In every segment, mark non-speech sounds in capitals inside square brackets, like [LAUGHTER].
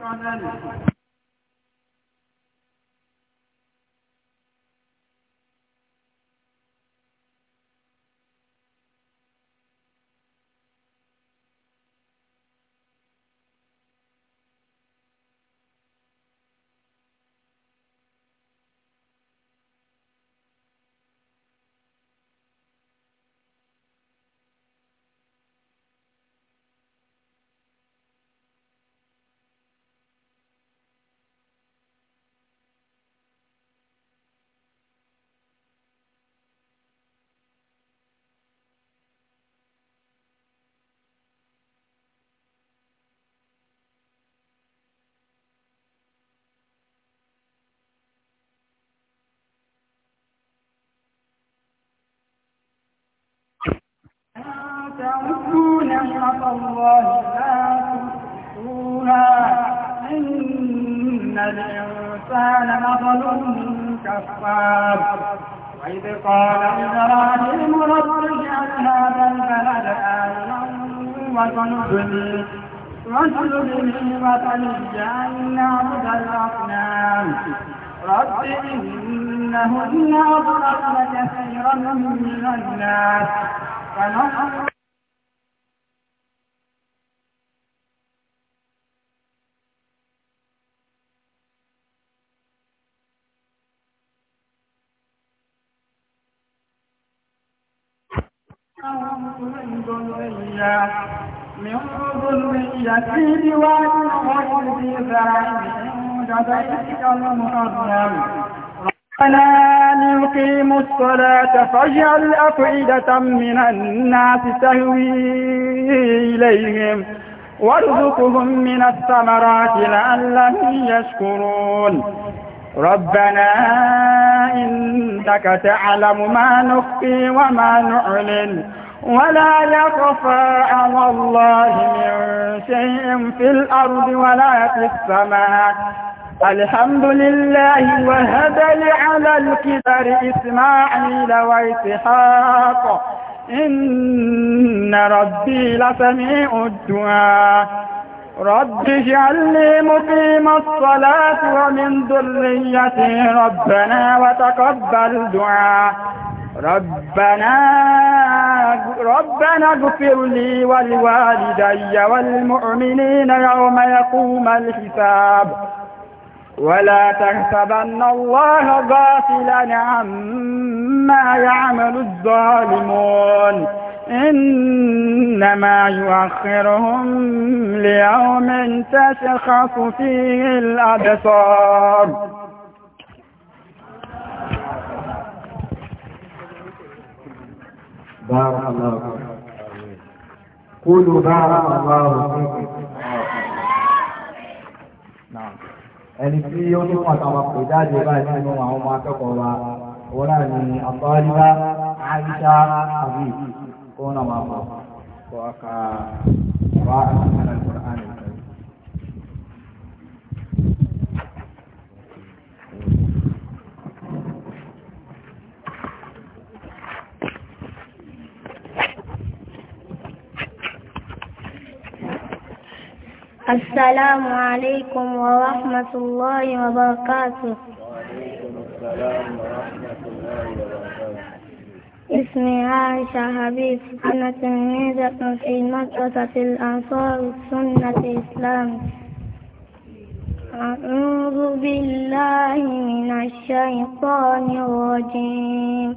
قبل تعدون نعمة الله لا تحصوها إن الإنسان لظلوم كفار وإذ قال إبراهيم رب اجعل هذا البلد آمنا وجنبني واجنبني وبني أن نعبد الأصنام رب إنهن أضللن كثيرا من الناس فنحن من ربنا ليقيم الصلاة فاجعل أفئدة من الناس تهوي إليهم وارزقهم من الثمرات لعلهم يشكرون ربنا إنك تعلم ما نخفي وما نعلن ولا يخفى على الله من شيء في الأرض ولا في السماء الحمد لله وهب لي على الكبر إسماعيل وإسحاق إن ربي لسميع الدعاء رب اجعلني مقيم الصلاة ومن ذريتي ربنا وتقبل دعاء ربنا ربنا اغفر لي ولوالدي والمؤمنين يوم يقوم الحساب ولا تحسبن الله غافلا عما يعمل الظالمون إنما يؤخرهم ليوم تشخص فيه الأبصار بارك الله فيكم قولوا بارك الله فيكم نعم ẹni tí ó ní wọn àtàwọn kò jáde báyìí nínú àwọn ọmọ akẹ́kọ̀ọ́ wa òun náà ni àtọ́líbá àìsá àbí òun السلام عليكم ورحمة الله وبركاته وعليكم السلام ورحمة الله وبركاته اسمي عائشة حبيب أنا تلميذة في مدرسة الأنصار السنة الإسلام أعوذ بالله من الشيطان الرجيم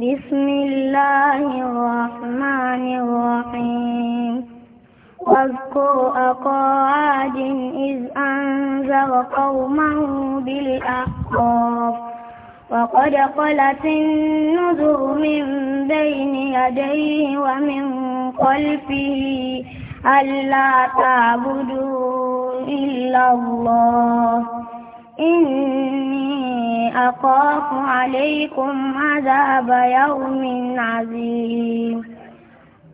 بسم الله الرحمن الرحيم واذكر أخا عاد إذ أنذر قومه بالأحقاف وقد خلت النذر من بين يديه ومن خلفه ألا تعبدوا إلا الله إني أخاف عليكم عذاب يوم عظيم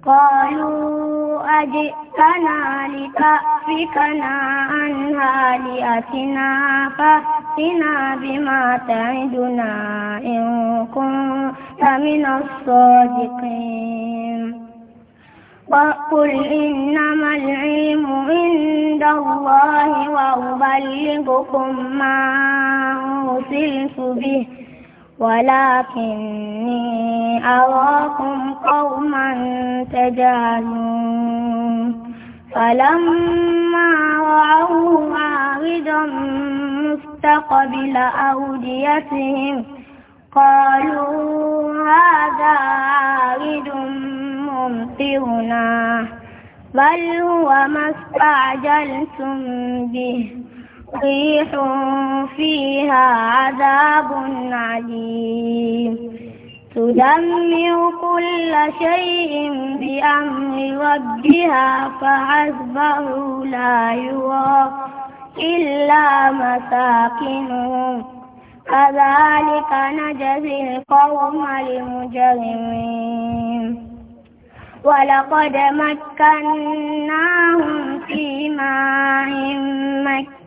قالوا أجئتنا لتأفكنا عن هالئتنا فأتنا بما تعدنا إن كنت من الصادقين وقل إنما العلم عند الله وأبلغكم ما أرسلت به ولكني أراكم قوما تجهلون فلما رأوه عارضا مستقبل أوديتهم قالوا هذا عارض ممطرنا بل هو ما استعجلتم به ريح فيها عذاب عليم تدمر كل شيء بأمر ربها فعزبه لا يرى إلا مساكنهم كذلك نجزي القوم المجرمين ولقد مكناهم في ماء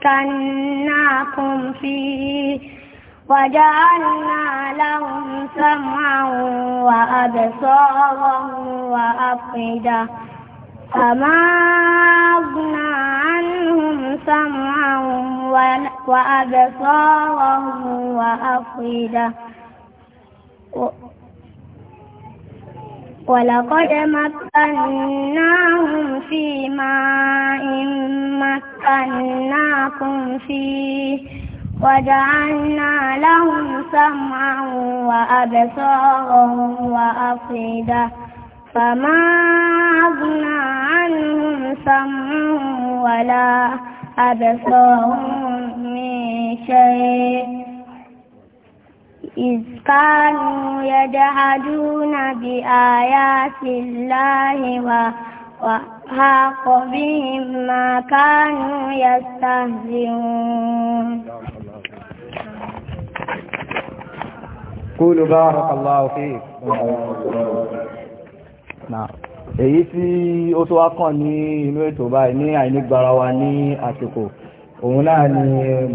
مكناكم فيه وجعلنا لهم سمعا وأبصارا وأفئدة فما أغنى عنهم سمعا وأبصارا وأفئدة ولقد مكناهم في ماء مكناكم فيه وجعلنا لهم سمعا وأبصارا وأفئدة فما أغنى عنهم سمعهم ولا أبصارهم من شيء إذ كانوا يجحدون بآيات الله وحاق بهم ما كانوا يستهزئون قولوا بارك الله فيك نعم èyí tí ó tó wá kàn ní inú ètò báyìí ní àìnígbára wa ní àsìkò òun náà ni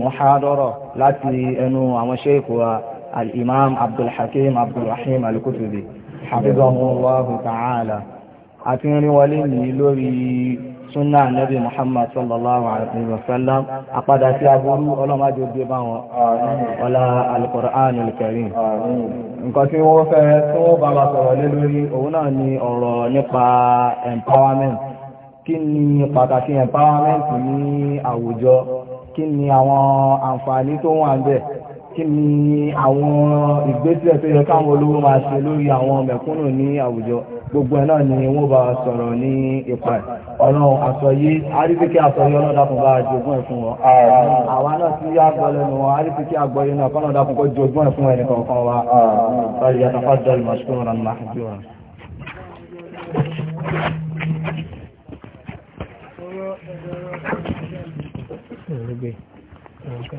mọ̀hádọ́rọ̀ láti ẹnu àwọn ṣéèkù wa al-imam abdulhakim abdulrahim al-kutubi hafizahullahu ta'ala àti rin wọlé ní lórí súnà nabi muhammad sallallahu alaihi wasallam àpadà sí agbórú ọlọ́májú gbé bá wọn wọlá al-qur'an al-karim nǹkan tí wọ́n fẹ́ tó bá bá sọ̀rọ̀ lé lórí òun náà ni ọ̀rọ̀ nípa empowerment kí ni pàtàkì empowerment ní àwùjọ kí ni àwọn àǹfààní tó wà ń bẹ̀ kí ni àwọn ìgbésẹ̀ tó yẹ káwọn olówó máa ṣe lórí àwọn mẹ̀kúnnù ní àwùjọ gbogbo ẹ̀ náà ni wọ́n bá sọ̀rọ̀ ní ipa ẹ̀ ọlọ́run àsọyé arífikí àsọyé ọlọ́dàkùn jogún ẹ̀ fún wọn àwa náà tí yá gbọ́ lẹ́nu wọn arífikí àgbọ́yé náà kọ́nàdàkùn jogún ẹ̀ fún ẹnìkan kan wa sọ́rí yàtọ̀fà Okay.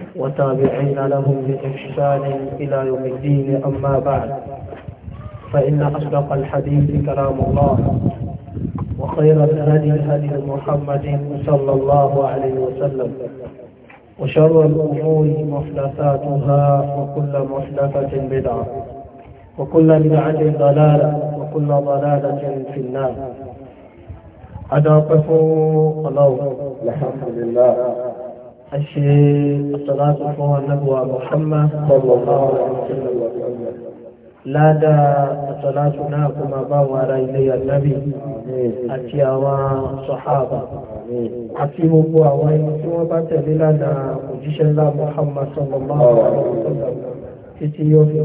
وتابعين لهم بإحسان إلى يوم الدين أما بعد فإن أصدق الحديث كلام الله وخير الهدي هدي محمد صلى الله عليه وسلم وشر الأمور محدثاتها وكل محدثة بدعة وكل بدعة ضلالة وكل ضلالة في النار أدعوكم الله الحمد لله أشهد الصلاة والسلام على نبوة محمد صلى الله عليه وسلم لا دا الصلاة كما باو على إلي النبي أتي صحابة àti gbogbo àwọn ẹni tí wọ́n bá tẹ̀lé lánàá òjíṣẹ́ ńlá Muhammad sallallahu alaihi wasallam títí yóò fi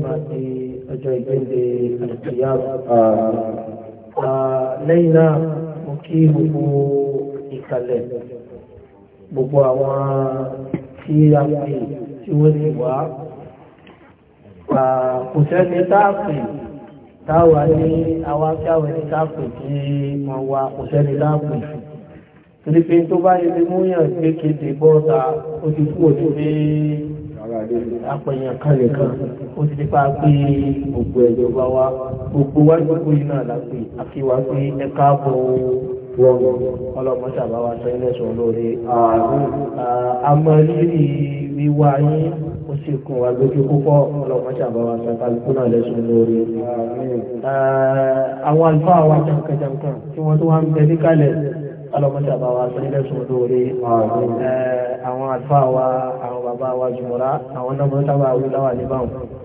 máa ìkàlẹ̀ gbogbo àwọn tí a pè tí wọ́n ti wá kò sẹ́ni táàpì táwà ní àwọn akáwẹ̀ ní táàpì tí wọ́n wá kò sẹ́ni táàpì torí pé tó bá yẹ mú yàn gbé kéde bọ́ta ó ti kú òní pé apẹ̀yàn ó ti dípa pé gbogbo ẹ̀jọba wa gbogbo wájú kú iná làpè àti pé ẹ ọlọ́mọ sábà wa sọ ilé sọ lórí amọ̀lẹ́rì wíwá yín ó sì kún wa lójú púpọ̀ ọlọ́mọ sábà wa sọ kálukú náà lẹ́sùn lórí. àwọn àlùfáà wa jankan-jankan tí wọ́n tó wá ń bẹ níkàlẹ̀ ọlọ́mọ sábà wa sọ ilé sọ lórí. àwọn àlùfáà wa àwọn bàbá wa jùmọ̀ra àwọn náà sábà wí níbàwọ̀n.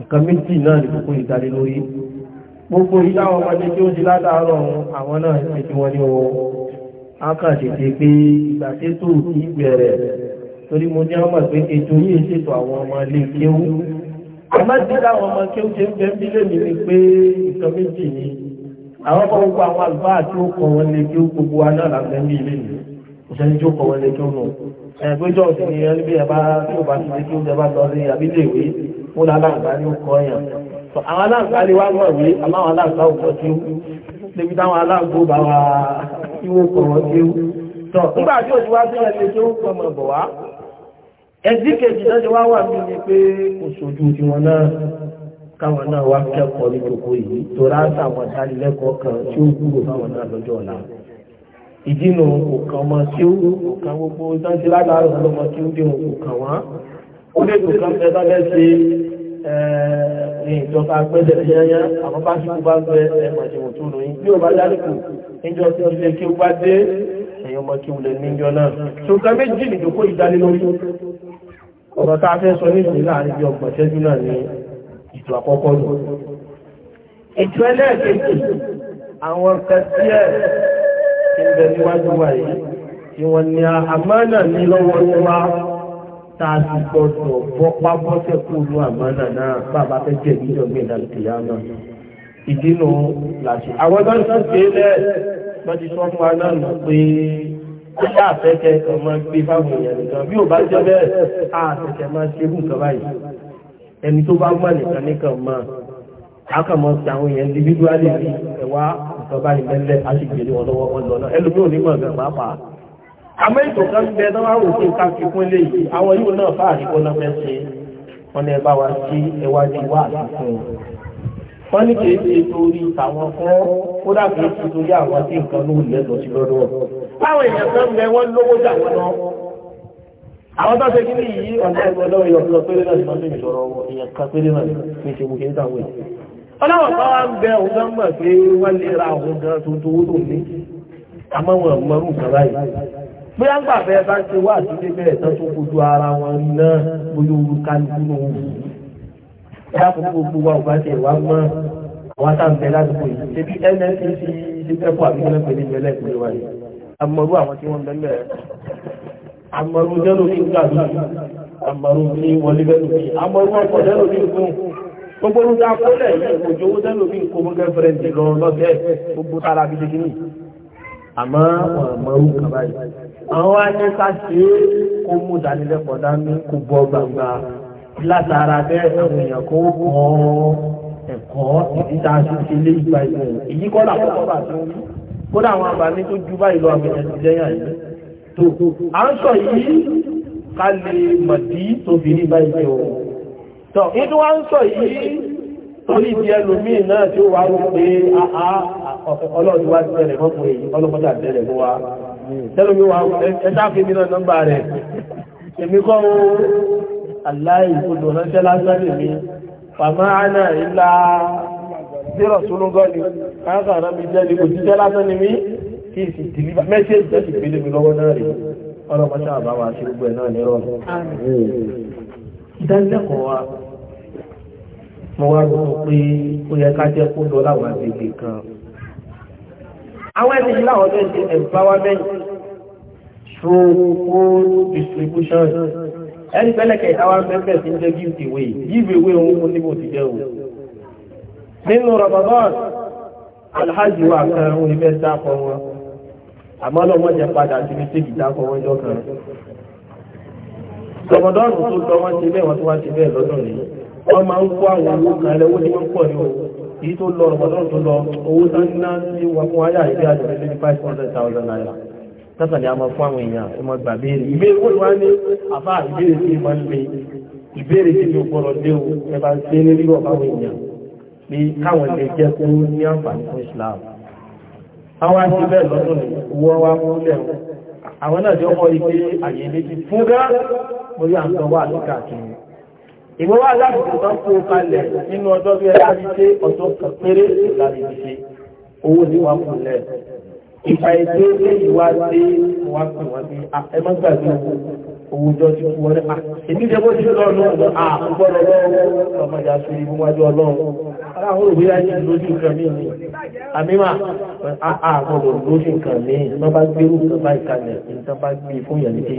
nǹkan méjì náà ní gbogbo ìdarí lórí gbogbo ìdáwọn ọmọdé tí ó ń di látàárọ̀ àwọn náà ṣe tí wọ́n ní o akàṣètè pé ìgbà tètò kìí bẹ̀rẹ̀ torí mo ní ọmọ pé ètò yìí ṣètò àwọn ọmọ ilé kéwú àmọ́ ti láwọn ọmọ kéwú ṣe ń bẹ ń bílẹ̀ mi ni pé nǹkan méjì ni àwọn ọmọ gbogbo àwọn àlùfáà tí ó kọ wọn lé kéwú gbogbo wa náà làbẹ́ ń bí ilé mi òṣèlú tí ó kọ wọn lé kéwú náà ẹ̀gbẹ́jọ́ òṣèlú yẹn bí ẹ bá tí ò bá ti ó ní aláǹgbá ní ọkọ̀ yàn àwọn aláǹgbá lè wá mọ̀ wí aláwọn aláǹgbá ò kọ́ sí ó débi táwọn aláǹgbó bá wa tí wọ́n kọ̀ wọ́n sí ó tọ̀ nígbà tí òṣù wá sílẹ̀ ṣe tó ń pọ̀ mọ̀ bọ̀ wá ẹ̀sìn kejì náà ṣe wá wà mí ni pé kò sójú tiwọn náà káwọn náà wá kẹ́kọ̀ọ́ ní gbogbo yìí tó ráńtà àwọn ìdánilẹ́kọ̀ọ́ kan tí ó wúlò fáwọn náà lọ́jọ́ ọ̀la ìdínà òkàn ọmọ tí ó òkàn gbogbo sáńtì ládàárọ̀ ọlọ́mọ tí ó dé òkàn onígun kan fẹ́ bá bẹ́ẹ̀ ṣe ní ìjọba agbẹ́dẹ̀ yányá àwọn bá ṣíkú bá ń bẹ ẹ̀mọ̀ ìṣòwò tó lò yín bí ó bá dálẹ́kù níjọ tí ó lè kí ó bá dé èèyàn mọ́ kí ó lè níjọ náà tó ká méjì nìdókó ìdálé lórí ọ̀rọ̀ tá a fẹ́ sọ ní ìlú láàrin bí ọgbọ̀n ṣẹ́jú náà ní ètò àkọ́kọ́ lò ètò ẹlẹ́ẹ̀kejì àwọn kẹsíẹ̀ ti níwájú wa yìí tí wọ́n ní àmánà ní lọ́wọ́ tá a ti gbọdọ̀ bọ́ pábọ́sẹ̀ kú ní àmàlà náà bàbá fẹ́ jẹ́ ìjọ mi ìlànà ìyá náà ìdínú làṣẹ. àwọn tó ń sọ pé lẹ́ wọ́n ti sọ fún wa náà nù pé ṣé àfẹ́kẹ́ ọmọ gbé fáwọn èèyàn nìkan bí ò bá jẹ́ bẹ́ẹ̀ àfẹ́kẹ́ máa ṣe irú nǹkan báyìí ẹni tó bá mọ̀ nìkan nìkan mọ̀ àkàmọ́ ti àwọn èèyàn individually ẹ̀wá nǹkan báyìí mẹ́lẹ̀ á sì gbèrè wọn ẹlòmíràn onímọ̀ ọ̀gá pàápàá amẹ́tò kan bẹ tó wá wò sí ká fi kún lé yìí àwọn yóò náà fà àríkọ́ náà fẹ́ ṣe wọn lè bá wa sí ẹwájú wa àtìkún wọn ní kìí ṣe torí tàwọn fún ó dàbí ti torí àwọn tí nǹkan ló lè lọ sí lọ́dọ̀ báwọn èèyàn kan bẹ wọn lówó jà wọn lọ àwọn tó ṣe kíní yìí ọ̀nà ẹgbẹ́ lọ́wọ́ ìyọ̀ lọ péré náà ni wọ́n lè sọ̀rọ̀ èèyàn kan péré náà ní ṣe gbogbo ìdáwó yìí ọlọ́wọ́ kan wá ń bẹ òun gan mọ̀ pé wọ́n lè ra òun gan tuntun tó ní àmọ́ wọn mọ̀rún kan báyìí pé á ń gbà bẹ́ẹ̀ bá ń ṣe wá àti bẹ́ẹ̀ tán tó kojú ara wọn náà bóyá oru kálukú ló wù. ẹ̀dá gbogbo gbogbo wa ò bá tẹ̀ wá mọ́ àwọn àtàǹbẹ̀ ládùúgbò yìí ṣebí nnpc ṣe fẹ́ fún àbí mẹ́fẹ̀ẹ́ nínú ẹlẹ́gbẹ̀ẹ́ wa yìí amọ̀rú àwọn tí wọ́n bẹ́ẹ̀ amọ̀rú jẹ́rò ní ìgbà mi amọ̀rú ní wọlé bẹ́ẹ̀ lómi amọ̀rú ọkọ̀ jẹ́rò ní ìgbà àwọn wá ní ká ṣe é kó mú ìdánilẹ́kọ̀ọ́ dání kó bọ́ gbangba látara bẹ́ẹ̀ àwọn èèyàn kó kọ́ ẹ̀kọ́ ìdíta ṣíṣe lé ìgbà ìgbà èyí kọ́ làkọ́kọ́ bà tó rí kódà àwọn àbáni tó ju báyìí lọ àgbẹ̀yẹ̀ ti jẹ́yà yìí tó à ń sọ yìí ká lè mọ̀dí tóbi ní báyìí o tọ̀ inú wa ń sọ yìí torí ìdí ẹlòmíì náà tí ó wá rú pé ọlọ́ọ̀dúnwá ti bẹ̀rẹ̀ mọ́kùnrin ọlọ́mọdà tẹ́lómi wa ẹ̀ta fi mi náà nọ́mbà rẹ̀ èmi kọ́ o aláì odò ránṣẹ́ lásán lè mi fàmà ánà ìlà zero sunugọ́ ni káàkà rán mi jẹ́ ni kò jíjẹ́ lásán ni mi kí n sì dìlíbà mẹ́sẹ̀jì jẹ́ sì pélé mi lọ́wọ́ náà rèé ọlọ́pàá sáà bá wa ṣe gbogbo ẹ̀ náà ní rọ́ọ̀lù. ìdánilẹ́kọ̀ọ́ wa mo wá rò ó pé ó yẹ ká jẹ́ kó lọ láwọn àgbègbè kan àwọn ẹni yìí láwọn fẹ́ empowerment through food distribution ẹni pẹ́lẹ́kẹ̀ àwọn mẹ́fẹ́ sí ń jẹ́ give away give away òun fún níbo ti jẹ́ o nínú Ramadan alhaji wa kan òun ibẹ̀ dákọ̀ wọn àmọ́ lọ́wọ́ jẹ́ padà sí ibi tí ìdákọ̀ wọn jọ kan Ramadan tó lọ wọ́n ti bẹ́ẹ̀ wọ́n tó wá ti bẹ́ẹ̀ lọ́dọ̀ rẹ̀ wọ́n èyí tó lọ ọ̀pọ̀lọpọ̀ tó lọ owó tó ń ná sí wọn ayá ìdí àjọ ní five hundred thousand naira tásàlì àmọ́ fún àwọn èèyàn ẹmọ gbà béèrè ìbéèrè wọ́n wá ní àfá ìbéèrè tí wọ́n lè ìbéèrè tí ó gbọ́rọ̀ dé o ẹba ṣe ní rírọ̀ báwọn èèyàn ní káwọn lè jẹ́ kó ní àǹfààní fún Islam àwọn àti bẹ́ẹ̀ lọ́dún ní owó wa mú lẹ̀ àwọn náà jọ kọ́ ike àyè méjì fúgá orí àǹtọ́wà àti káàkiri ìwé wá láti tó tán kó kalẹ̀ nínú ọjọ́ bí ẹlá rí ṣe ọjọ́ kan péré láti fi ṣe owó ní wà fún lẹ̀. ìfà ètò ilé ìwà ṣe wà fún wọn bí ẹmọ́gbàgbé owó jọ ti kú wọlé. èmi jẹ́ bó ti lọ́nu àkúgbọ́ lọ́wọ́ ọmọ ìyá sí ibi wájú ọlọ́run. aláwọ̀ òwe yá ti lójú nǹkan mí ni. àmì mà àgbọ̀gbọ̀ lójú nǹkan mí. wọ́n bá gbé irú nǹkan báyìí kalẹ̀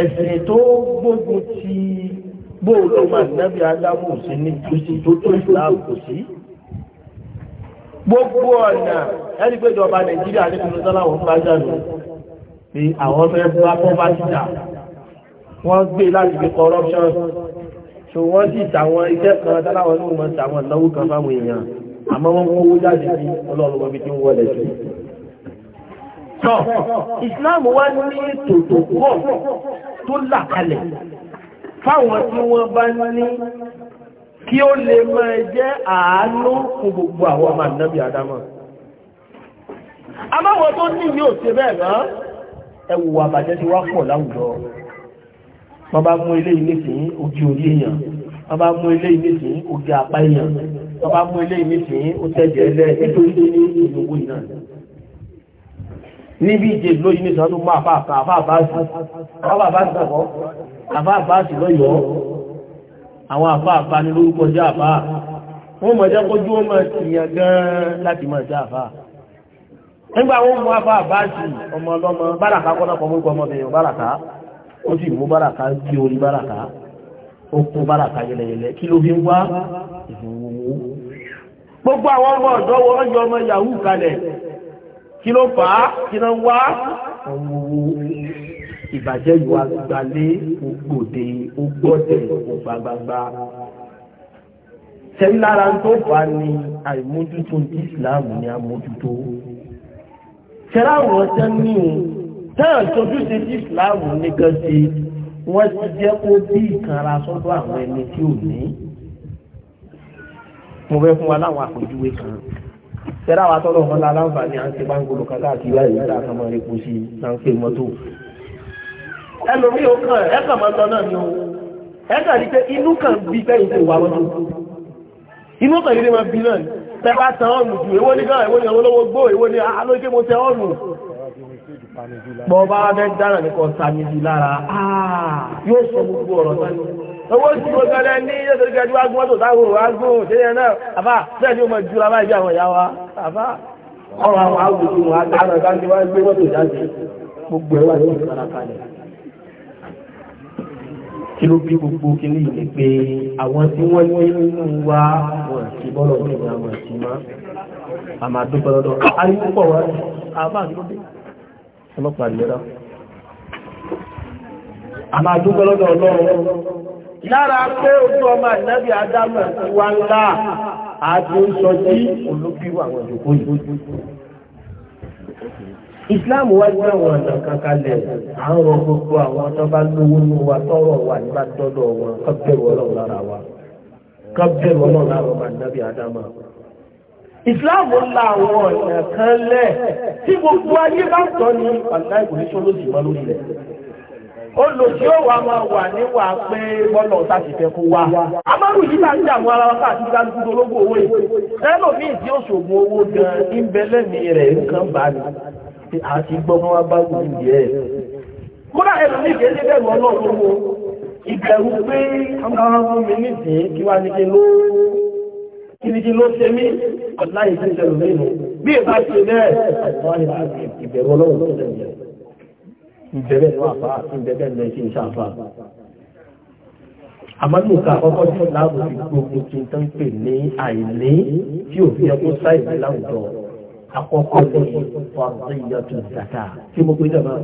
ẹ̀sìn tó gbógun ti bóòlù máa nábì ádámù sí ní tùsí tó tó ìsìláàmù kò sí gbogbo ọ̀nà ẹni pé ìjọba nàìjíríà ní tuntun sọ́lá wọn bá jà lọ bí àwọn fẹ́ bá kọ́ bá ti dà wọ́n gbé láti fi corruption so wọ́n sì tàwọn iṣẹ́ kan táláwọn ní òun mọ̀ tàwọn ìnáwó kan fáwọn èèyàn àmọ́ wọ́n kó owó jáde sí ọlọ́run wọn bí tí ń wọlé sí i tọ́ ìsìláàmù wá ní ètò tó pọ̀ tó là kalẹ̀ fáwọn tí wọ́n bá ní kí ó lè máa jẹ́ àánú fún gbogbo àwọn ọmọ ànábì àdámọ̀ amáwọn tó ní ní òṣè bẹ́ẹ̀ náà ẹwù àbàjẹ́ ti wá pọ̀ láwùjọ wọ́n mú ilé ilé sí ojú orí èèyàn wọ́n mú ilé ilé sí ojú apá èèyàn wọ́n mú ilé ilé sí ó tẹ́jẹ̀ẹ́lẹ́ nítorí ní ìlú ìnáà níbi ìjẹ ìlú yìí nìsàn ló máa bá àpá àbáàbáàsì àbáàbáàsìkọ́ àbáàbáàsì lọ́yọ́ àwọn àbáàbá ní lórúkọ jẹ́ àbá wọ́n mọ̀ jẹ́ kójú ọmọ ìyàn gan láti mọ̀ jẹ́ àbá nígbà wọ́n mú àbáàbáàsì ọmọ ọlọ́mọ báràká kọ́lọ́kọ́ mú ọmọbìnrin báràká ó sì mú báràká gbé orí báràká ó kó báràká yẹlẹyẹlẹ kí ló fi ń wá ìfowó gbogbo àwọn ọmọ ọ̀dọ́ wọn yọ ọmọ yahoo kalẹ̀ kí ló fà á kí ló ń wá ọ̀wọ̀ ìbàjẹ́ ìwà gbalé ògbòdè ògbọ́dẹ̀ ògbàgbàgbà tẹ́lí lára tó fà á ní àìmójútó ti Islam ní àmójútó tẹ́lá àwọn tẹ́ ní o tẹ́lá tójú ṣe ti Islam nìkan ṣe wọ́n ti jẹ́ kó bí ìkanra sọ́dọ̀ àwọn ẹni tí ò ní mo fẹ́ fún wa láwọn àpèjúwe kan tẹ́lá wa tọ́lọ̀ wọn lálámbà ní à ń ṣe bá ń gbòòrò kan káàkiri láì nígbà kan máa repo sí i náà ń pè mọ́tò. ẹlòmíì ó kàn ẹ kàn máa tọ́ náà ni o ẹ kàn rí pé inú kan bí bẹ́yìn tó wà mọ́tò inú kan yìí ni wọ́n bí náà tẹ́ bá tan ọ̀nù jù èwo ní gan èwo ní àwọn olówó gbó èwo ní alójú ah, mo tẹ ọ̀nù bọ́ bá fẹ́ dára nìkan sàmì jù lára ah, yóò sọ gbogbo ọ̀rọ̀ sáré owó tí mo gbọ́dọ̀ ní nítorí kẹjú wá gún mọ́tò táwọn òwò agún òṣèlú náà àbá bẹ́ẹ̀ ni ó mọ̀ ju ra báyìí bí àwọn ìyá wa àbá ọ̀rọ̀ àwọn àwùjọ wọn àgbàràn kan ti wá gbé mọ́tò jáde gbogbo ẹwà ní ìsára kalẹ̀ kí ló bí gbogbo kiri ìlé pé àwọn tí wọ́n ní nínú wa wọ́n ti bọ́lọ̀ ní ìgbà wọn ti má àmàdúgbọ́lọ́dọ̀ ọlọ́pàá a máa dúpẹ́ lọ́dọ̀ ọlọ́run lára pé ojú ọmọ ìnábì ádámù ti wá ńlá àti oṣọ tí olóbíwà àwọn ìjòkó Islam wá jẹ́ àwọn ọ̀nà kankanlẹ̀ à ń rọ tọrọ wà wọn ọlọ́run wa ọlọ́run lára ọmọ ìsìláàmù la àwọn ọ̀nà kan lẹ̀ tí gbogbo ayé bá tọ́ ní ọ̀nà ìwòlẹ́sọ lóṣù mọ́ lórí rẹ̀. olùsí ó wà máa wà níwà pé bọ́lá ọ̀tá ti fẹ́ kó wá. amárù yìí máa ń dààmú ara wa káàkiri ká dúdú ológun owó yìí. ẹlòmíì tí ó ṣògùn owó gan ń bẹ lẹ́mìí rẹ̀ nǹkan bá àti gbọ́n wá bá wù yẹ. kódà ẹlòmíì kì kìrìjì ló ṣe mí láì sí ìṣẹ̀lù nínú bí ìbá ṣe bẹ́ẹ̀ ìbẹ̀rù ọlọ́run tó tẹ̀lé ìbẹ̀rẹ̀ ní àfá ìbẹ̀rẹ̀ ní ṣe iṣẹ́ àfá ọ̀rọ̀ ìyàtọ̀ ìdàkà tí mo pè jọba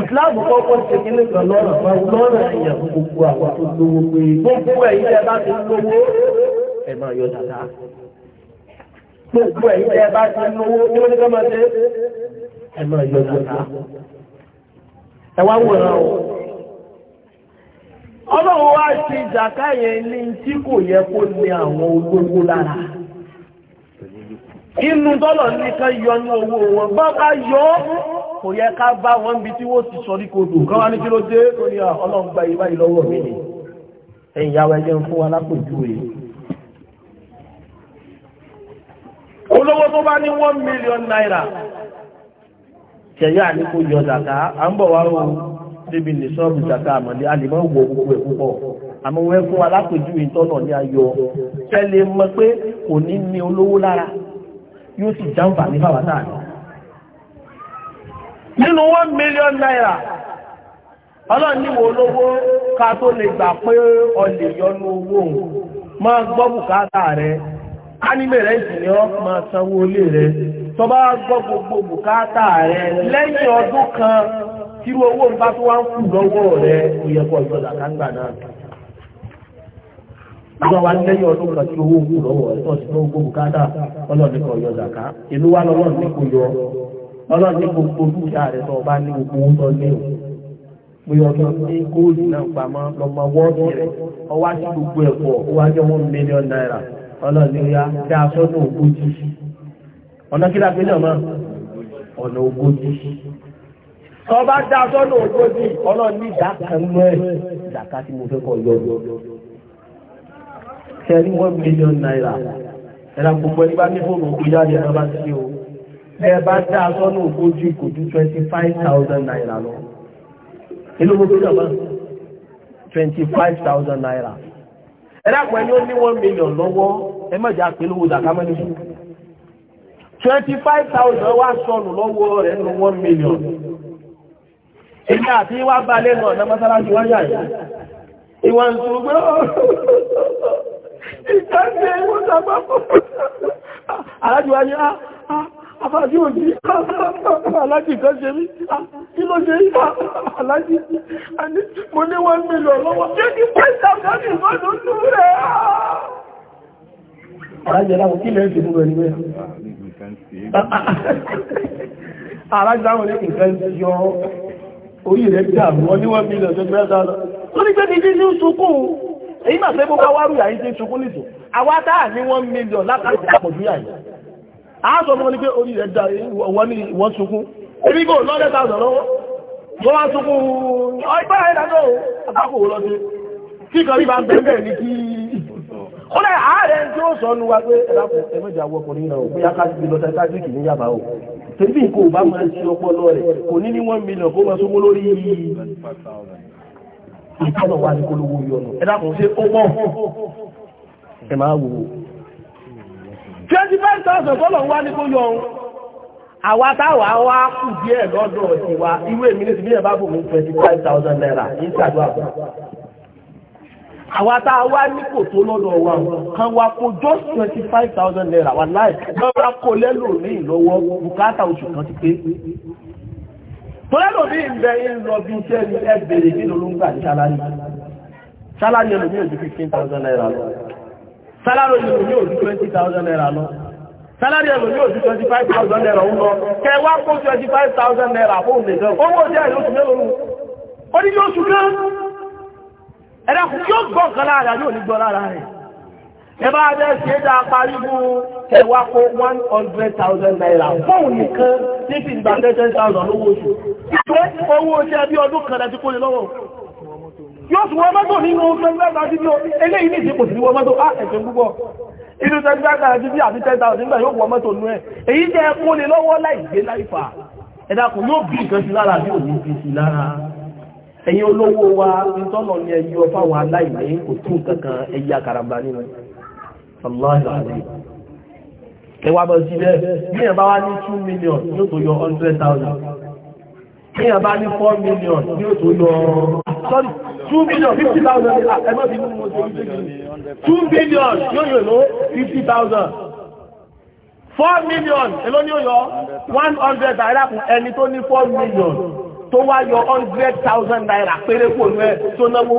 ìsìláàmù kọ́kọ́ ṣe kílé kan lọ́rọ̀ fún lọ́rọ̀ èèyàn fún gbogbo àwọn tó lówó pé gbogbo tẹ́ bá ti lówó ẹ̀ máa yọ dàda. gbogbo tẹ́ bá ti lówó kí ló ní ká máa ṣe ẹ̀ máa yọ dàda. ẹ wá wòran o. ọlọ́run wá ìjàká yẹn ní tí yọ kò yẹ ká bá wọn bí tí wó ti sọ kodò kan wá ní kí ló dé tó ní ah, ọlọ́run gba ìbá yìí mi ni fún wa olówó tó bá ní one million naira ní kò yọ zàká à ń bọ̀ wá ní sọ́ọ̀bù àmọ́lé a lè wọ gbogbo ẹ̀ púpọ̀ àmọ́ fún wa lápòjú ìtọ́nà ní ayọ̀ pé kò ní nínú one million naira ọlọ́ọ̀níwò olówó ká tó lè gbà pé ọlè yọnu owó ma sanwó bá gbogbo bùkátà rẹ̀ lẹ́yìn ọdún kan tí owó ń bá tó wá ń kù lọ́wọ́ rẹ̀ ó yẹ kángbà wa lẹ́yìn ọdún kan tí owó ń kù lọ́wọ́ rẹ̀ tó ti bùkátà ọlọ́ọ̀dẹ́ gbogbo dúkìá rẹ̀ tó bá ní gbogbo owó tó lé o bóyá ọjọ́ ní góòlù náà pamọ́ lọ́mọ wọ́ọ̀dù rẹ̀ ọwọ́ àti gbogbo ẹ̀pọ̀ ó wá jẹ́ one million naira ọlọ́ọ̀dẹ́ ya dá aṣọ náà ogójì ọ̀nà kí lápẹ́ náà mọ́ ọ̀nà ogójì tó bá dá aṣọ náà ogójì ọlọ́ọ̀dẹ́ ìdá kan mọ́ ẹ̀ one million naira ẹ̀rọ gbogbo ẹni bá ní fóònù ògbójáde ẹ̀rọ bá ti ṣe o. bẹ́ẹ̀ bá dá aṣọ náà kò twenty naira lọ inú gbogbo ìjọba twenty five thousand naira ẹ dàpọ̀ ẹni ó ní one million lọ́wọ́ ẹ má jà pé lówó dàkà mẹ́rin fún twenty wá sọnù lọ́wọ́ rẹ̀ nù one million èyí àti wá bá lẹ́nu ọ̀nà mọ́sálásí wá yà yìí ìwà ń sùn gbé [LAUGHS] ìtàgé ìwọ́n sábà fún alájùwájú àfáàjú òjì alájì kan ṣe mí ah, kí ló ṣe yíká ah, alájì àní mo ní wọ́n mílọ̀ lọ́wọ́ tí ó ti pẹ́ ìtàkọ́jì mọ́nà tó rẹ̀ àrájẹ̀láwọ̀ ah. kí lẹ́ẹ̀ṣì mú rẹ̀ níwẹ̀ àrájẹ̀láwọ̀ ní nǹkan yọ orí rẹ̀ jà wọ́n ní wọ́n mílọ̀ tó gbẹ́ta lọ tó ní pé kìí ní sunkún èyí mà fẹ́ bó bá wárú yàí tí sunkún nìtò àwátá ní wọ́n mílọ̀ látàrí àpọ̀jú yàí àásọ fún wọn ní pé orí rẹ̀ dá wọ́n ní ìwọ́n sunkún ebi kò lọ́dẹ́ tààzọ̀ lọ́wọ́ wọ́n wá sunkún ọgbẹ́ ìdájọ́ àpapọ̀ wọ́n lọ́dẹ́ kí kan rí bá ń bẹ̀rẹ̀ ní kí ó lẹ́ ààrẹ tí ó sọ nu wa pé ẹ̀dàkùn ẹ̀mẹ́jà wọkùnrin náà bóyá ká ti lọ sẹ́ńtájìkì ní yàbá o tẹ́bí nǹkan ò bá máa ń ṣe ọpọlọ rẹ̀ kò ní ní one million kó máa sówó lórí ìtọ́nà wa ní kólówó yọnu ẹ̀dàkùn ṣe ó pọ̀ ẹ̀ máa wò ó twenty five thousand dollars wá ní kó yọ àwa táwa wá kù díẹ̀ lọ́dọ̀ ní ti naira ní fún àwa a wá tó wa kan wá kó just twenty five thousand naira wà láì lọ́wọ́ kó lẹ́lò ní ìlọ́wọ́ bùkátà oṣù kan ti pé tó lẹ́lò ní ìbẹ̀ ń lọ bí iṣẹ́ nínú ní ẹlòmíràn ju fifteen thousand naira sálárò yìí ló ní òjú twenty thousand naira lọ sálárì ẹ̀rọ yóò ju twenty five thousand naira ń lọ kẹ wá kó twenty five thousand naira fóun nìkan owó ọjà ìlú oṣù mélòó nù ó ní yóò ṣùgbọ́n ẹ̀rẹ́ kù yóò gbọ́ nǹkan lára yóò ní gbọ́ lára rẹ̀ ẹ bá dẹ́ ṣe parí mú ẹwà kó one naira fóun nìkan níbi ìgbà ten owó oṣù yóò tún wọ́n mọ́tò nínú tẹ́gbẹ́ta títí o eléyìí ní ìsìnkò sí wọ́n mọ́tò ah, ẹ̀sẹ̀ púpọ̀ inú tẹ́gbẹ́ta títí àti tẹ́ta nígbà yóò wọ́n mọ́tò nú ẹ̀ èyí jẹ́ kó lè lọ́wọ́ láìgbé láìfà ẹ̀dàkùn yóò bí nǹkan sí lára bí òní fi sí lára ẹ̀yin olówó wa nítọ́nà ni ẹyí ọfà wa láìní kò tún kankan ẹyí akaramba nínú ẹwà bọ̀ sílẹ̀ bí ẹ̀ bá wá ní 2 million yóò tó yọ 100,000 bí ẹ̀ bá ní 4 million yóò tó yọ sorry two million fifty thousand naira ah, ẹ má fi mú mo two million yóò yọ ló fifty thousand four million èló ni ó yọ one hundred naira kù ẹni tó ní four million tó wá yọ hundred thousand naira péré kò ní ẹ tó náwó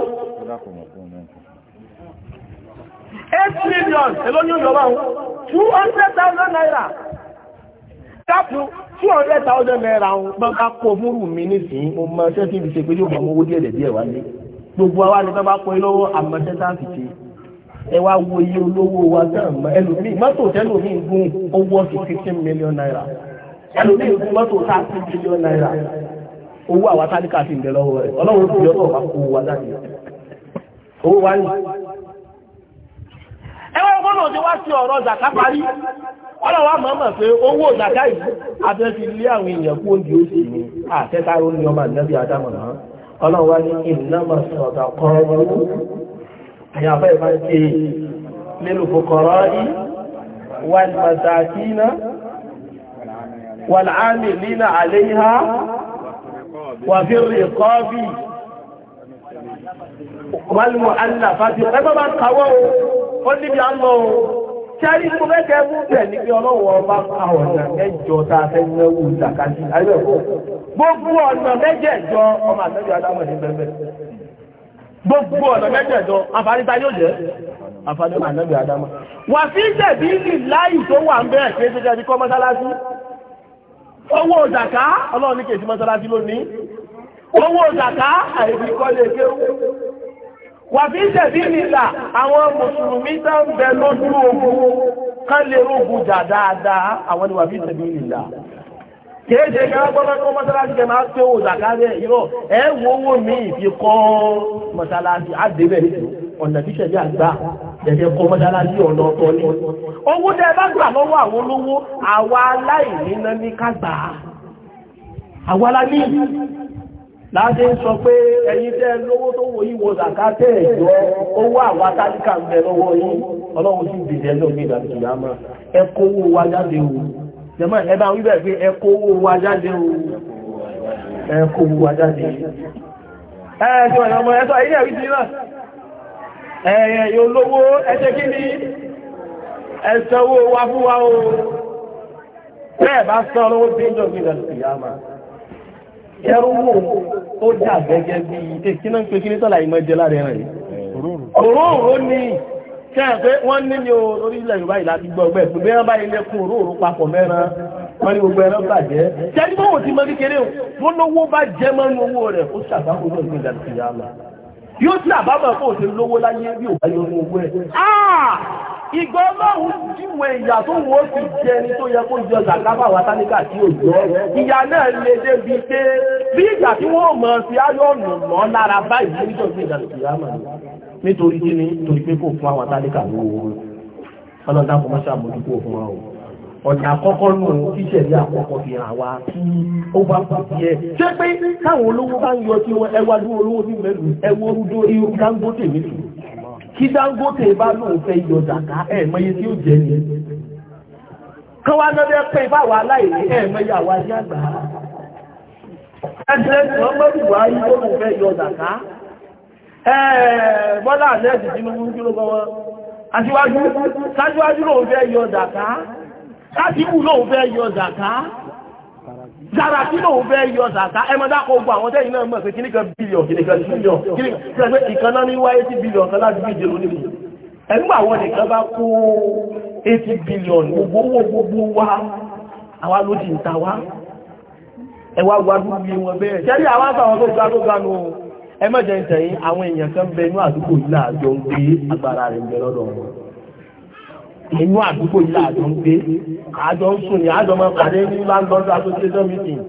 eight million èló ni ó yọ two hundred thousand naira dákun two hundred thousand naira ń gbọ́n ká kó múrù mi nísìnyí mo mọ ṣẹ́ńtì fi ṣe pé yóò mọ owó díẹ̀ díẹ̀ wá ní. gbogbo awa ni bàbá pọ̀ a ẹ wá wo iye olówó wa náà mọ ẹlòmíì mọ́tò gún owó ọ̀sìn fifteen million naira gún thirty million naira owó àwa tálíkà bẹ fi ọ̀tọ̀ bá kó wa láti owó wa ní. ẹ wá gbọ́dọ̀ wá sí ọ̀rọ̀ parí pé owó abẹ́ fi lé àwọn èèyàn oúnjẹ ní ọmọ náà. ọlọ́run wá ní ìnáma sọ̀dà kọrọ àyàfẹ́ ìbá ṣe nílùú fòkọrọ yìí wà ní masakina wà láàmì nínà àléhà wà fi rí kọ́ọ̀bì wà ní mọ̀ sẹ́rí mo fẹ́ mú bẹ̀ níbi ọlọ́wọ́ ọba àwọn mẹ́jọ ta a fẹ́ mẹ́wù ìdàkájú ayélujára gbogbo ọ̀nà mẹ́jẹ̀ẹ̀jọ ọmọ àtẹ́jọ́ adámọ̀ ní bẹ́ẹ̀ gbogbo ọ̀nà mẹ́jẹ̀ẹ̀jọ àǹfààní ta yóò jẹ́ àǹfààní adámọ̀ wà sí ní láì tó wà ń bẹ́ẹ̀ kí kọ́ mọ́sálásí owó ọlọ́run ní kèsì mọ́sálásí lónìí owó wà fi ṣẹ̀bí nìlà àwọn mùsùlùmí tó ń bẹ lójú ogun kán lè rógun jà dáadáa àwọn ni wà fi ṣẹ̀bí nìlà kìí ṣe kí agbọ́nà kọ́ mọ́sálásí kẹ máa tó wò làkárẹ̀ irọ́ ẹ wo owó mi ìfi kọ́ mọ́sálásí àdébẹ̀ ọ̀nà tíṣẹ̀ ní àgbà ẹ̀fẹ́ kọ́ mọ́sálásí ọ̀nà ọ̀tọ̀ ni. owó tẹ bá gbà lọ́wọ́ àwọn olówó àwa aláìní náà ní ká gbà á àwa la láti sọ pé ẹ̀yin tẹ́ lówó tó wò yí wo zakatẹ́ ìjọ owó àwọn atálíkà ń bẹ lọ́wọ́ yín ọlọ́run sì dìde lómi ìdàgbàsí yàmà ẹ kówó wa jáde o jẹ́mọ́ ẹ bá wíbẹ̀ pé ẹ kówó wa jáde o ẹ kówó wa jáde ẹ ṣe ọ̀nà ọmọ ẹ ni ẹ sanwó wa fún wa o bẹ́ẹ̀ ẹrúwò ó dà gẹ́gẹ́ bí ìtẹ́kínà ń pè kí ní láàrin ẹ̀rìn yìí ni kẹ́ẹ̀ wọ́n ní ní orílẹ̀ Yorùbá ìlà àti gbọ́ ọgbẹ́ ìpínlẹ̀ ẹran báyìí lẹ́kùn òróòró papọ̀ mẹ́ran wọ́n ní gbogbo ẹran bàjẹ́ jẹ́ni bọ́wọ́ ti mọ kékeré o tó lówó bá jẹ́ mọ́nú owó rẹ̀ ó ṣàbáwò náà ní ìdàgbàsí yàrá yóò ti àbábọ̀ kó o lówó láyé bí ò ìgbà ọlọ́run jíwọ̀n ìyà tó wọ́n fi jẹ ní tó yẹ kó jọ zàkábà wà tánìkà tí ò jọ ìyà náà lè débi pé bí ìgbà tí wọ́n mọ̀ sí ayọ́nù lọ lára báyìí nítorí kí o ọ̀nà àkọ́kọ́ nù tíṣẹ̀ ní àkọ́kọ́ fi hàn wá kí ó bá kú díẹ̀ ṣé pé káwọn olówó bá ń yọ tí wọn ẹwà dúró olówó ní mẹ́lú ẹwọ́ irú Dangote nílùú kí Dangote bá lóun fẹ́ yọ zàká ẹ̀ mọye tí ó jẹ ni kan wá náà pẹ́ báwa aláìní ẹ̀ mọye àwa ní àgbà ẹ̀jẹ̀ Muhammadu Buhari ó lóun fẹ́ yọ zàká Tinubu kí ló kọ́ wọn aṣíwájú lóun fẹ́ yọ zara tí lòun fẹ́ yọ zàká ẹmọdá kọ gbọ́ àwọn tẹ́yìn náà mọ̀ pé kíníkà bílíọ̀n kíníkà bílíọ̀n kíníkà pé ìkànnà ní wáyé sí bílíọ̀n kan láti méje lónìí mi ẹgbà àwọn nìkan bá kó 80 bílíọ̀n gbogbo owó gbogbo wa àwa ló ti ń ta wá ẹwà gbádùn bí wọn bẹ́ẹ̀ ṣẹ́rí àwọn àtàwọn tó gbá tó gbánu ẹmọ́jẹ̀ ń tẹ̀yìn àwọn èèyàn kan bẹ inú àdúgbò yìí láàjọ ń gbé agbára rẹ̀ ń bẹ lọ́dọ̀ wọn inú àdúgbò yìí àjọ ń gbé àjọ ń sùn ní àjọ máa pàdé ní landlord association meeting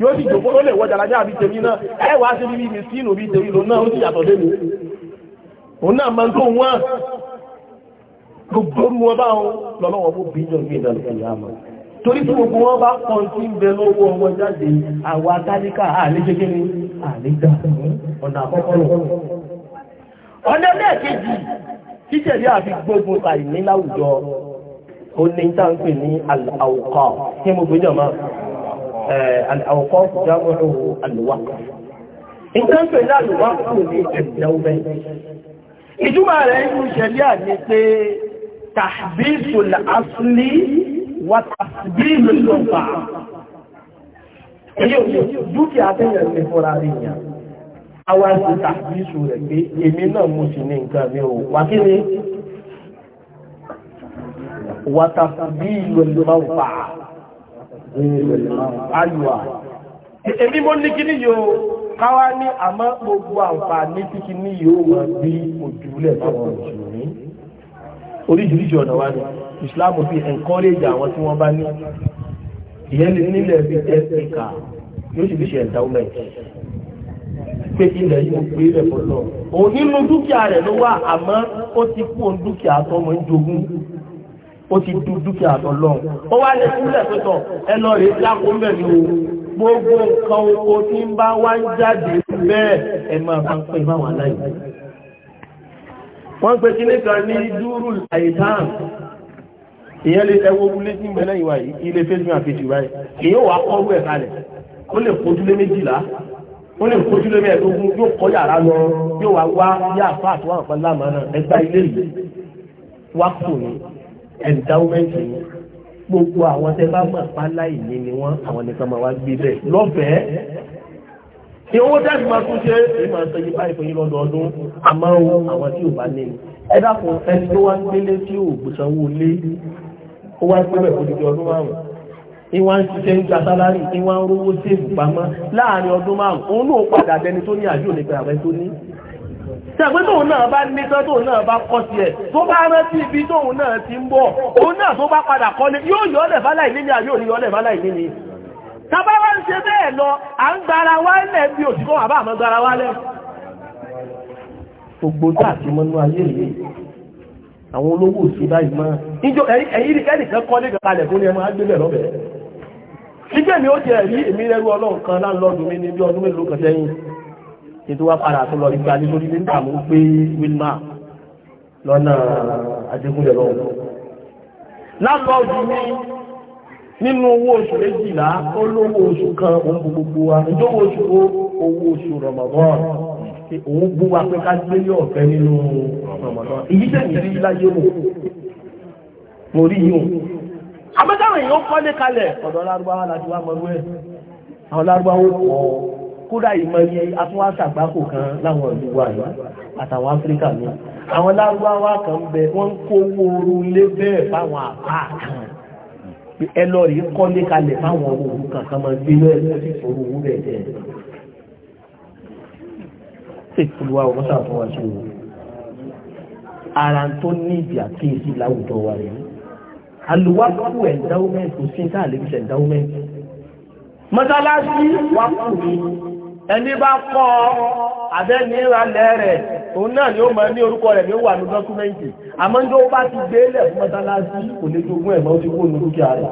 yóò sì jòkó ó lè wọ jàlájà àbí tèmi náà ẹ wàá sí bíbí mi sínú bíi tèmi lòun náà ó sì yàtọ̀ lẹ́nu òun náà máa ń tó wọ́n gbogbo orú wọn báwọn lọ́lọ́wọ́ fún bíjọ ní ìdàlù ìyá àmà torí tí gbogbo wọn bá pọ̀ tí ń bẹ lọ́wọ́ wọn jáde àwọn atálíkà àlejẹ́gẹ́ ní àlejò ọ̀nà àkọ́kọ́ títẹ̀lé àfi gbógun ta ìní láwùjọ ó ní táǹpì ní àwùkọ́ kí mo gbéjọ mọ́ àwùkọ́ jámọ́rò àlùwà ìtàǹpì ní àlùwà kù ní ẹ̀dẹ̀wẹ́ ìjúmọ̀ rẹ̀ ń ṣẹlẹ̀ àti pé tàbíṣù làásùlì wà tàbíṣù lọ́fà èyí ò dúkìá awa ti tàbíṣù rẹ̀ pé èmi náà mo sì ní nǹkan mi ò wá kí ni wàtàkù bí ìlú ẹ̀lú máa ń fà á ayùwà èmi mo ní kíní yóò káwá ní àmọ́ gbogbo àǹfààní tí kíní yóò wọ́n bí ojúlẹ̀ fáwọn òṣèlú oríṣiríṣi ọ̀nà wa ni Islam fi encourage àwọn tí wọ́n bá ní ìyẹn nílẹ̀ fi jẹ́ ẹ̀ka yóò sì fi ṣe endowment pé ilẹ̀ yìí mo gbé ilẹ̀ fún lọ. òun nínú dúkìá rẹ̀ ló wà àmọ́ ó ti kú òun dúkìá tó mọ̀ ń jogún ó ti du dúkìá tó lọ. ó wá lè sílẹ̀ pẹ̀tọ̀ ẹ lọ rèé dáko mbẹ̀ ni o gbogbo nǹkan oko tí ń bá wá ń jáde bẹ́ẹ̀ ẹ máa máa ń pè máa wà láì. wọ́n pe kíní kan ní dúró àìtàn ìyẹn lè ẹwọ́ wúlé tí ń bẹ lẹ́yìn wáyé ilé fẹ́sùn àfẹ́sùn wáyé èyí wàá kọ́ wẹ̀ kalẹ̀ ó lè ó lè kojú lé mẹ́ẹ̀ẹ́dógún yóò kọ́ yàrá lọ yóò wá wá yá àfa àti wọn àpẹẹrẹ láàmú náà ẹgbà ilé yìí wákò ní ẹ̀ndáwọ́mẹ́ntì ní gbogbo àwọn tẹ bá mọ̀ pálá ìní ni wọ́n àwọn nìkan máa wá gbé bẹ́ẹ̀ lọ́bẹ̀ẹ́ ní owó tẹ́sí máa tún ṣe é máa sọ yí báyìí fún yín lọ́dọọdún àmọ́ àwọn tí ò bá ní ni ẹ dákun ẹni tó wá gbélé tí ò gbèsànwó lé ó wá gbé bẹ̀ fún ìwà ń ṣiṣẹ́ ń gba sálárì ìwà ń rówó séèfù pamọ́ láàrin ọdún márùn-ún òun ló padà dẹni tó ní àjò nípa àwẹ́ tó ní ṣàgbé tóun náà bá ní tán tóun náà bá kọ́ sí ẹ̀ tó bá rántí ibi tóun náà ti ń bọ̀ òun náà tó bá padà kọ́lé yóò yọ ọ́lẹ̀ fáláì níní àyò ní yọ́lẹ̀ fáláì níní tàbá wá ń ṣe bẹ́ẹ̀ lọ à ń gbara wálẹ̀ bí òṣìkọ́ àbá àmọ́ gbara wálẹ̀ gbogbo tá àti mọ́nú ayé rèé àwọn olówó òṣì báyìí máa ìjọ ẹ̀yìn ẹ̀yìn ẹ̀yìn kan kọ́lé kalẹ̀ fún ni ẹ máa gbé bẹ̀ lọ́bẹ̀ẹ́ Ìgbẹ́ mi ó jẹ́ rí èmi rẹ̀rú ọlọ́run kan láńlọ́dún mi ní bí ọdún mélòó kan sẹ́yìn. Ètò wa padà tó lọ ìgbà ní lórí ní ìdààmú pé Wilma lọ́nà Adékúnlẹ̀ lọ́wọ́. Láńlọ́dún mi nínú owó oṣù méjìlá ó lówó oṣù kan òun gbogbo wa. Ìjọwọ́ wa pé ká gbé ní ọ̀fẹ́ nínú Ramadan àmọ́tàwọn èèyàn kọ́lé kalẹ̀ ọ̀dọ̀ lárúbáwá láti wá mọ̀rú ẹ̀ àwọn lárúbáwá kọ́ kódà ìmọ̀ye atúwásàgbákò kan láwọn ìlú yìí àtàwọn áfíríkà ní àwọn lárúbáwá kan bẹ wọ́n ń kówó oru lé fáwọn àbá kan ẹ lọ rí kọ́lé kalẹ̀ fáwọn òru kankan máa gbé lọ́ẹ̀ lọ́sí ìfòrò òwú rẹ̀ jẹ́ ṣèkúlùwà ọmọ sàtúnwá sí òru ara tó ní ìdí àkíyèsí láwùjọ wa yìí aluwaku endowment kò sí nǹkan àlejò endowment mọ́sálásí wákù ni ẹni bá kọ́ abẹ́ni ìrànlẹ́ rẹ̀ òun náà ni ó mọ̀ ní orúkọ rẹ̀ ní ó wà ní dọ́kúmẹ́ǹtì àmọ́ ní ó bá ti gbé lẹ̀ fún mọ́sálásí kò lè jogún ẹ̀mọ́ ti kó ní dúkìá rẹ̀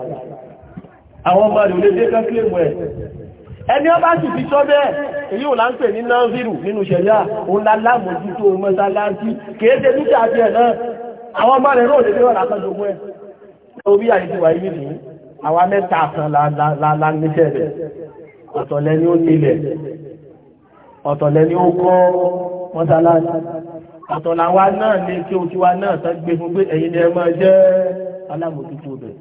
àwọn ọmọ rẹ̀ ò lè dé kankilé mọ́ ẹ̀ ẹni ọba sì fi sọ bẹ́ẹ̀ èyí ò là ń pè ní náírù nínú ṣẹ̀yà òun la lámòjútó mọ́sálásí kèé dúkìá tiẹ̀ náà àwọn ọmọ rẹ̀ náà ò lè dé ọ̀rà kan orí àìsí wà yìí nìyí àwa mẹ́ta kan la níṣẹ́ rẹ̀ ọ̀tọ̀lẹ́ ni ó nílẹ̀ ọ̀tọ̀lẹ́ ni ó kọ́ mọ́sálásí ọ̀tọ̀láwa náà ní kí ojú wa náà tán gbé fún pé ẹ̀yin ni ẹ máa jẹ́ alámòtútù rẹ̀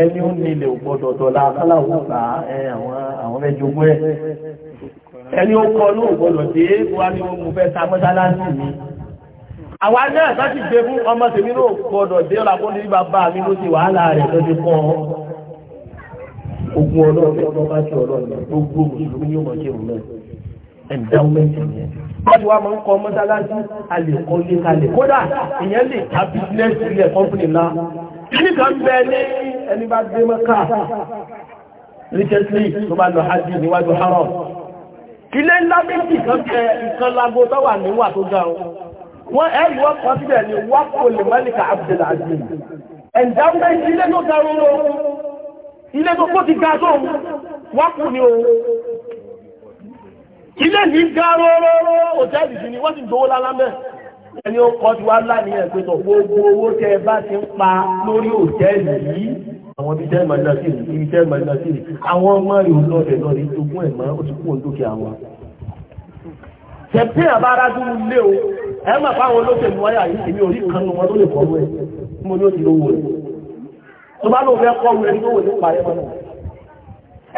ẹni ó nílẹ̀ ògbọ́dọ̀ dọ̀la aláwọ̀ bá àwọn ẹjọ́gbọ́ ẹ̀ ẹni ó kọ́ lóògbọ́dọ̀ àwa náà tó ti gbé fún ọmọ tèmi náà gbọdọ̀ dé ọ̀la kó ní bàbá mi ló ti wàhálà rẹ̀ tó ti pọ̀ ogun ọlọ́run ọdún bá ti ọlọ́run gbogbo mùsùlùmí yóò mọ̀ ṣe òun náà endowment yẹn wọ́n ti wá máa ń kọ́ mọ́sálásí alèkọ́lé kalẹ̀ kódà ìyẹn lè ta business ilẹ̀ company ńlá kíní kan bẹ ní ẹni bá gbé mọ́ká recently tó bá lọ hajj níwájú haram ilé ńlá méjì kan bẹ ìkan lago tó wà níwà tó ga o wọ́n ẹ̀rí wọ́n kọ́ síbẹ̀ ní wákò lè mẹ́lìkà Abdul Aziz ẹ̀dá pé ilé tó ga ro ilé tó kó ti ga tó wákò ni o ilé ní ga ro òtẹ́ẹ̀lì sí ni wọ́n ti gbowó lálá mẹ́ ẹni ó kọ́ ti wá láàrin ẹ̀ pé tó gbogbo owó tẹ́ ẹ bá ti ń pa lórí òtẹ́ẹ̀lì yìí àwọn ibi tẹ́ ẹ̀ máa ń lọ sí ibi tẹ́ ẹ̀ máa ń lọ sí àwọn ọmọ rẹ̀ ò tẹ̀pẹ́ àbárájú lé o ẹ mà fáwọn olóṣèlú wáyà yìí èmi ò rí kan wọn tó lè kọ́ wẹ̀ mo ní ó ti lówó rẹ̀ tó bá lóun fẹ́ kọ́ wẹ̀ ní owó ní parí mọ́ náà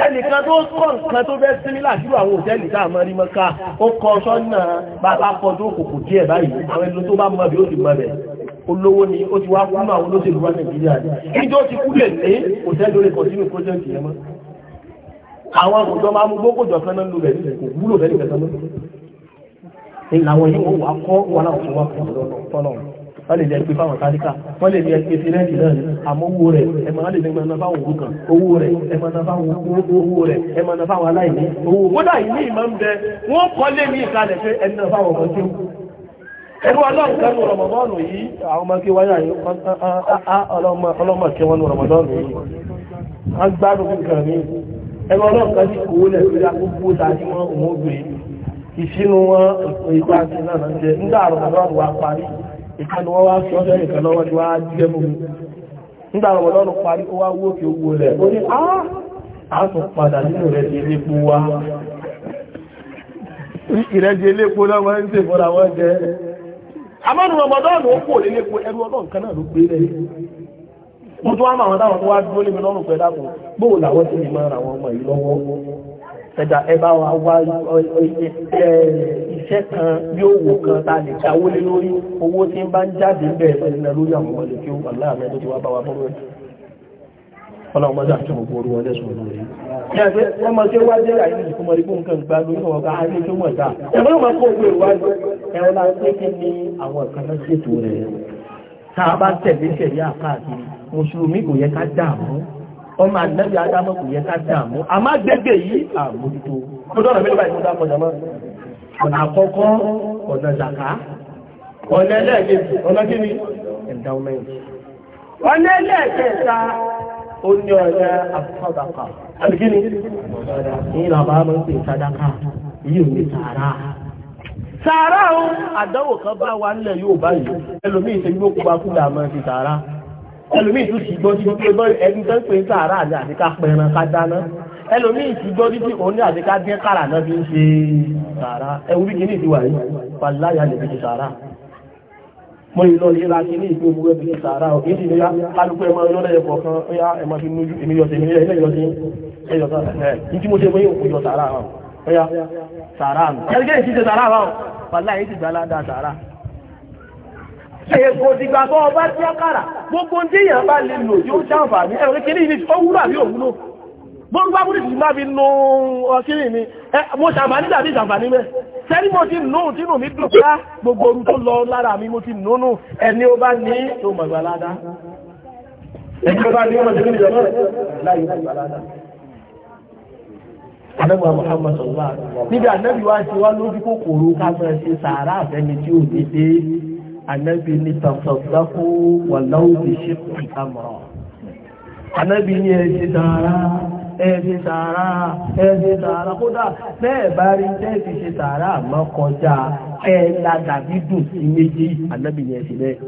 ẹnìkan tó kọ́ nǹkan tó bẹ́ sími láàdúrà àwọn òtẹ́ẹ̀lì tá a mọ́ ní mọ́ká ó kọ́ sọ́nà bàbá kan tó kòkò díẹ̀ báyìí àwọn ẹni tó bá mọ́ bí ó làwọn yóò wà kọ́ wọn láwọn tó wà fún ọ̀dọ́ tọ́lọ̀ wọ́n lè jẹ́ pé fáwọn tálíkà wọ́n lè jẹ́ pé sílẹ̀ǹtì náà ni àmọ́ owó rẹ̀ ẹmọ náà lè jẹ́ mọ́ná fáwọn òkú kan owó rẹ̀ ẹmọ náà fáwọn owó rẹ̀ ẹmọ náà fáwọn aláìní owó kódà ìní ìmọ̀ ń bẹ wọ́n kọ́ lé ní ìsàlẹ̀ pé ẹni náà fáwọn ọmọ tí ó ẹgbẹ́ ọlọ́run kan ní rọmọdọ́ọ̀nù yìí àwọn ọmọ kí wáyà ah, ah, ah, ọlọ́mọ kí wọ́n ní rọmọdọ́ọ̀nù yìí wọ́n gbádùn nǹkan mi ẹgbẹ́ ọlọ́run kan ní kòwó lẹ̀ ìṣínú wọn ìgbà àti náà jẹ nígbà àrùmọ̀lọ́rùn wa parí ìkanu wọn wá sọ ọ́sẹ́ ìkan lọ́wọ́ tí wá jẹ́ mú mi nígbà àrùmọ̀lọ́rùn parí ó wá wó kí ó rẹ̀ ó ní á padà nínú rẹ̀ ti ilé epo wá ìrẹ́jẹ ilé epo ń tè fọ́ra wọ́n jẹ́ ọmọdọ́ọ̀nù ó kò ẹrú ọlọ́run kan náà ló gbé ẹ̀dà ẹbá wa wá iṣẹ́ kan bí owó kan ta lè jáwó lé lórí owó tí ń bá ń jáde bẹ̀rẹ̀ ìrìnà lórí àwọn ọmọdé tí ó wà láàrin tó ti wá bá wa bọ́rọ̀ ẹ̀ ọlọ́run mọ́já àti ọmọ orú ọdẹ́ sọ̀rọ̀ lórí ẹgbẹ́ wọ́n mọ́ tí ó wá jẹ́ àìní ìsìnkú mọ́ ibú nǹkan gbá lórí ọ̀gá ayé tó ọmọ àdínábì adámọ́ kò yẹ ká dààmú a má gbẹ́gbẹ́ yìí àmójútó tó dọ́rọ̀ mẹ́lẹ́bà ìmú dápọ̀ jọmọ́ ọ̀nà àkọ́kọ́ ọ̀nà zàká ọ̀nà ẹlẹ́ẹ̀kejì ọ̀nà kí ni endowment ọ̀nà ẹlẹ́ẹ̀kẹta ó ní ọ̀nà àfọ́dàkà àbí kí ni ní làbá máa ń pè sàdákà yìí ò ní sàárà sàárà ó àdánwò kan bá wa nílẹ̀ yóò báyìí ẹlòmíì ṣe yóò kó bá kú làmọ́ ti sàárà ẹlòmíì tún ti gbọ́ títí pé bọ́ọ̀lù ẹni tó ń pè sàárà ní àdíká pẹran ká dáná ẹlòmíì ti gbọ́ títí òun ní àdíká dín kàrà náà fi ń ṣe sàárà ẹwú bí kìíní ìdíwà yìí pàláyà lè fi ṣe sàárà mo lè lọ lè ra kìíní ìpín ogun rẹ fi ṣe sàárà ò kìí sì ní yá kálukú ẹmọ ẹyọ lẹ́yọ kọ̀ọ̀kan ó yá ẹmọ fi mú èmi yọ tèmi ẹlẹ́ yọ sí ẹyọ sàárà ní tí mo ṣe pé òkú yọ sàárà èèkò dìgbà tó ọba tí ó kára gbogbo tí èèyàn bá lè lò yóò ṣàǹfààní ẹ̀rọ kékeré yìí ó wúlò àbí òwúlò gbogbo abúlé ti máa fi lo ọkìnrin mi mo ṣàǹfààní dàbí ìṣàǹfààní mẹ́ sẹ́ni mo ti nù tí nù mí dùn ah, gbogbo ooru tó lọ lára mi mo ti nù nù ẹni ó bá ní tó mọ̀gbà ládá ẹni ó bá ní ọmọ ìjọba ìjọba láyé mọ̀gbà ládá Muhammad Sọ̀lá. Níbi àdẹ́bí wá ti wá lójú kòkòrò ká mọ̀ ṣe sàárà àfẹ́ni tí ò dédé anábì ní tàṣọ̀dákú wà láwùjẹ́ ṣe pè àmọ̀ràn anábì ní ẹ̀ṣẹ̀ dára ẹ̀ṣẹ̀ dára ẹ̀ṣẹ̀ dára kódà bẹ́ẹ̀ bá rí tẹ́ẹ̀ṣẹ̀ dára àmọ́ kọjá ẹ̀ẹ́dàgàbídùn sí méjì anábì ní ẹ̀ṣẹ̀ bẹ́ẹ̀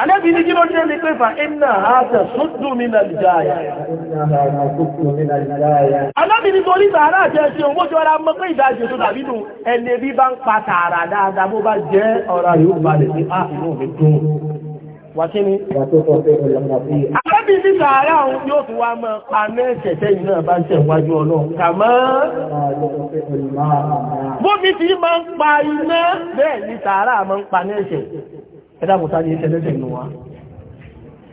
Ànábì ní kí ló ṣe ní pé fa iná àtẹ̀ sódù mi nà lìjáyà. Ànábì ní torí tààrà àti ẹṣin òun mọ́jọ́ ara mọ́ pé ìdájì tó tàbí nù ẹni bí bá ń pa tààrà dáadáa bó bá jẹ́ ọ̀rọ̀ yóò balẹ̀ sí ààrùn ah, mi dùn. Wà kí ni? Ànábì ní tààrà òun yóò tún wá mọ́ pa mẹ́ẹ̀sẹ̀ tẹ́yìn náà bá ń tẹ̀ wájú Ọlọ́run. Kàmọ́. Bómi ti máa ń pa iná bẹ́ẹ̀ ni tààrà máa ń pa mẹ́ẹ̀sẹ̀ ẹ̀dá mọ̀ta ní ẹlẹ́sẹ̀ inú wa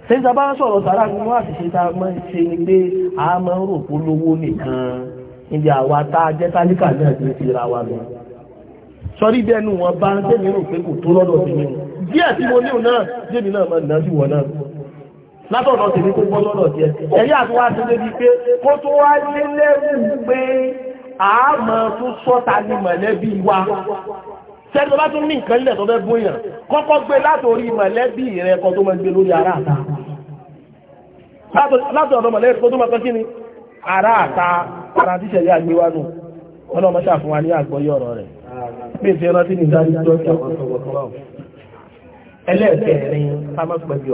ṣe ń ta bá sọ̀rọ̀ sàrá ní wọ́n àti ṣe ta mọ́ ṣe ni pé a máa ń rò pó lówó nìkan níbi àwa tá a jẹ́ tálíkà náà ti fi ra wa lọ sọrí bí ẹnu wọn bá ń tẹ́mi rò pé kò tó lọ́dọ̀ sí mi díẹ̀ tí mo níhùn náà jẹ́mi náà máa nà sí wọ̀ náà látọ̀dọ̀ tèmi kó bọ́ lọ́dọ̀ tiẹ̀ ẹ̀rí àtúwá ti débi pé kó tó wá lé lẹ́rù pé a máa tún sọ́ta ní mọ̀lẹ́bí wa sẹ́ni tó bá tún ní nǹkan ilẹ̀ tó kọ́kọ́ gbé látòrí mọ̀lẹ́bí rẹ kọ́ tó máa lórí ara àta látò ọ̀dọ̀ mọ̀lẹ́bí kọ́ tó máa kọ́kí ni ara ara tíṣẹ̀ yà gbé wá nù wọn wa ní àgbọ́yé ọ̀rọ̀ rẹ̀ ní tó ẹlẹ́ẹ̀kẹ́rin ká má pẹ̀lú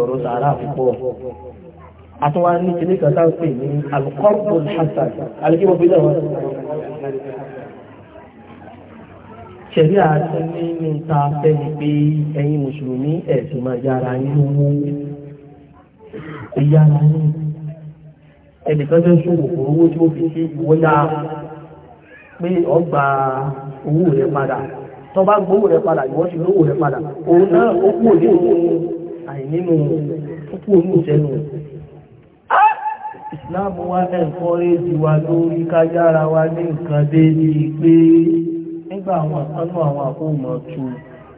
ọ̀rọ̀ ṣẹ̀rí àti ní ní ta fẹ́ ni pé ẹ̀yin mùsùlùmí ẹ̀sìn máa yára yín lówó ìyára yín ẹnìkan fẹ́ sọ òkú owó tí ó fi ṣe ìwọ́yá pé ọgbà owó rẹ padà tó bá gbówó rẹ padà ìwọ́n ti lówó rẹ padà òun náà ó kú òní òun àìnínú ó kú òní ìsìláàmù wa ẹ̀ ń kọ́ rédi lórí ká yára wa ní nǹkan déédéé pé nígbà àwọn àkánú àwọn àkóhùnmọ̀ tu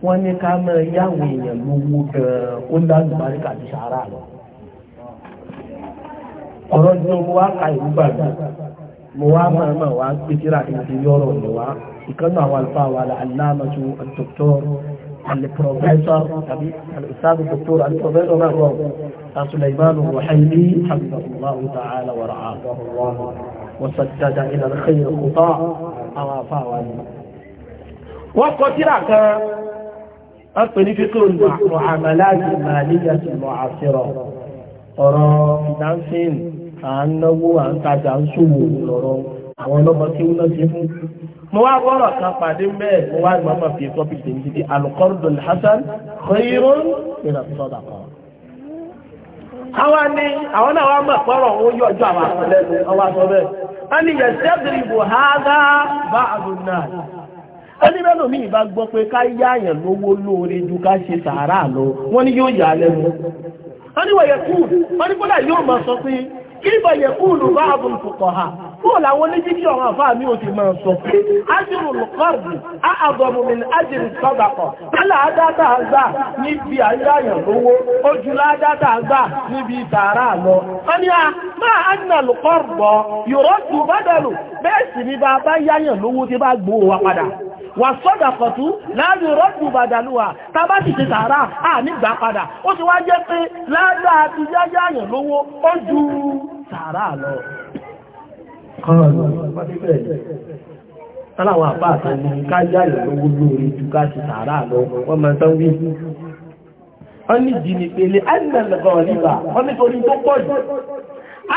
wọ́n ní ká mọ́ yáwó èèyàn lówó gan-an ó lálùbárí kàbí sàárà lọ. ọ̀rọ̀ ni mo wá ka ìlú gbàgbé mo wá máa máa wá gbé síra ìdí yọ̀rọ̀ ni wá ìkànnì àwọn àlùfáà wa la alámàtú dr البروفيسور الأستاذ الدكتور البروفيسور ما سليمان الرحيلي حفظه الله تعالى ورعاه وسدد إلى الخير خطاه أوافاه wọ́n kọ tírà kan wọ́n pè ní fíkò lọ àmàláàjì màlíyà ti lọ àṣírọ̀ ọ̀rọ̀ financing à ń náwó à ń tajà ń ṣòwò lọ́rọ̀ àwọn ọlọ́mọ tí ó náà fún mo wá gbọ́rọ̀ kan pàdé mẹ́ẹ̀ mo wá ìmọ̀ máa fi tọ́pì tèmi ti di alukọ́rọ̀dọ̀ hasan khayrun min as-sadaqa ni àwọn náà wá mọ̀ pọ́rọ̀ ó yọ ọjọ́ àwọn àpẹẹlẹ́nu ọwá sọ bẹ́ẹ̀ wọ́n ni yẹ̀ sẹ́bìrì bùhádá bá àdùnnà tẹ́lómi ìbá gbọ́ pé ká yáàyàn lówó lóore ju ká ṣe sàárà lọ wọ́n ní yóò yà á lẹ́nu wọ́n ní wọ̀nyẹ̀ kúù wọ́n ní kódà yóò máa sọ pé kí ìbọ̀yẹ̀ kúù ló bá àbùn fòkọ̀ ha kúù làwọn oníjíjí ọ̀rọ̀ àfáà mi ò ti máa sọ pé ájìrù lùkọ́ọ̀dù àbọ̀mù ájìrù sọ́dàkọ̀ kálà ádáta àgbà níbi àyáyàn lówó ojú ládáta àgbà níbi sàárà lọ wọ́n ní a máa ájìnà lùkọ́ọ̀dù yòrò tù bádàlù bẹ́ẹ̀ sì ni bá bá yáyàn lówó ti bá gbówó wa padà wà sọ́dà pọ̀tú láàrin rọ́dù bàdàlúwà tàbá sì ti tààrà ànígbà padà ó ti wá jẹ́ pé láàdá àti yáyá àyàn lówó ó ju tààrà lọ Aláwọn àpá àtàrí ká yáyà lówó lórí ju ká ti tààrà lọ wọ́n máa tán wí. Wọ́n ní jì ní pé lè ánìyàn nígbà, wọ́n nítorí tó pọ̀ jù.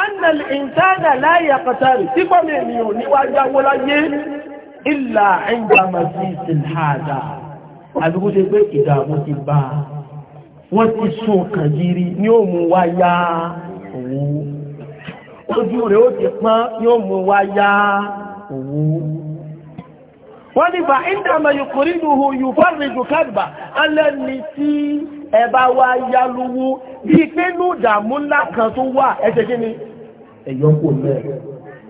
Ánìyàn ìntánà láyé àkàtàrí tí pọ̀ mẹ́ ò níwájá láyé ìlà ẹ̀ńdàmà sí ìsìnhàdà àbíkú ṣe pé ìdààmú ti bá wọ́n ti sún kàgírí ní ó mú wá yá owó ojú rẹ̀ ó ti pán ní ó mú wá yá owó wọ́n ní bá ìdààmà yòkòrí nùhù yùfọ́rì ní ìdààmú ńlá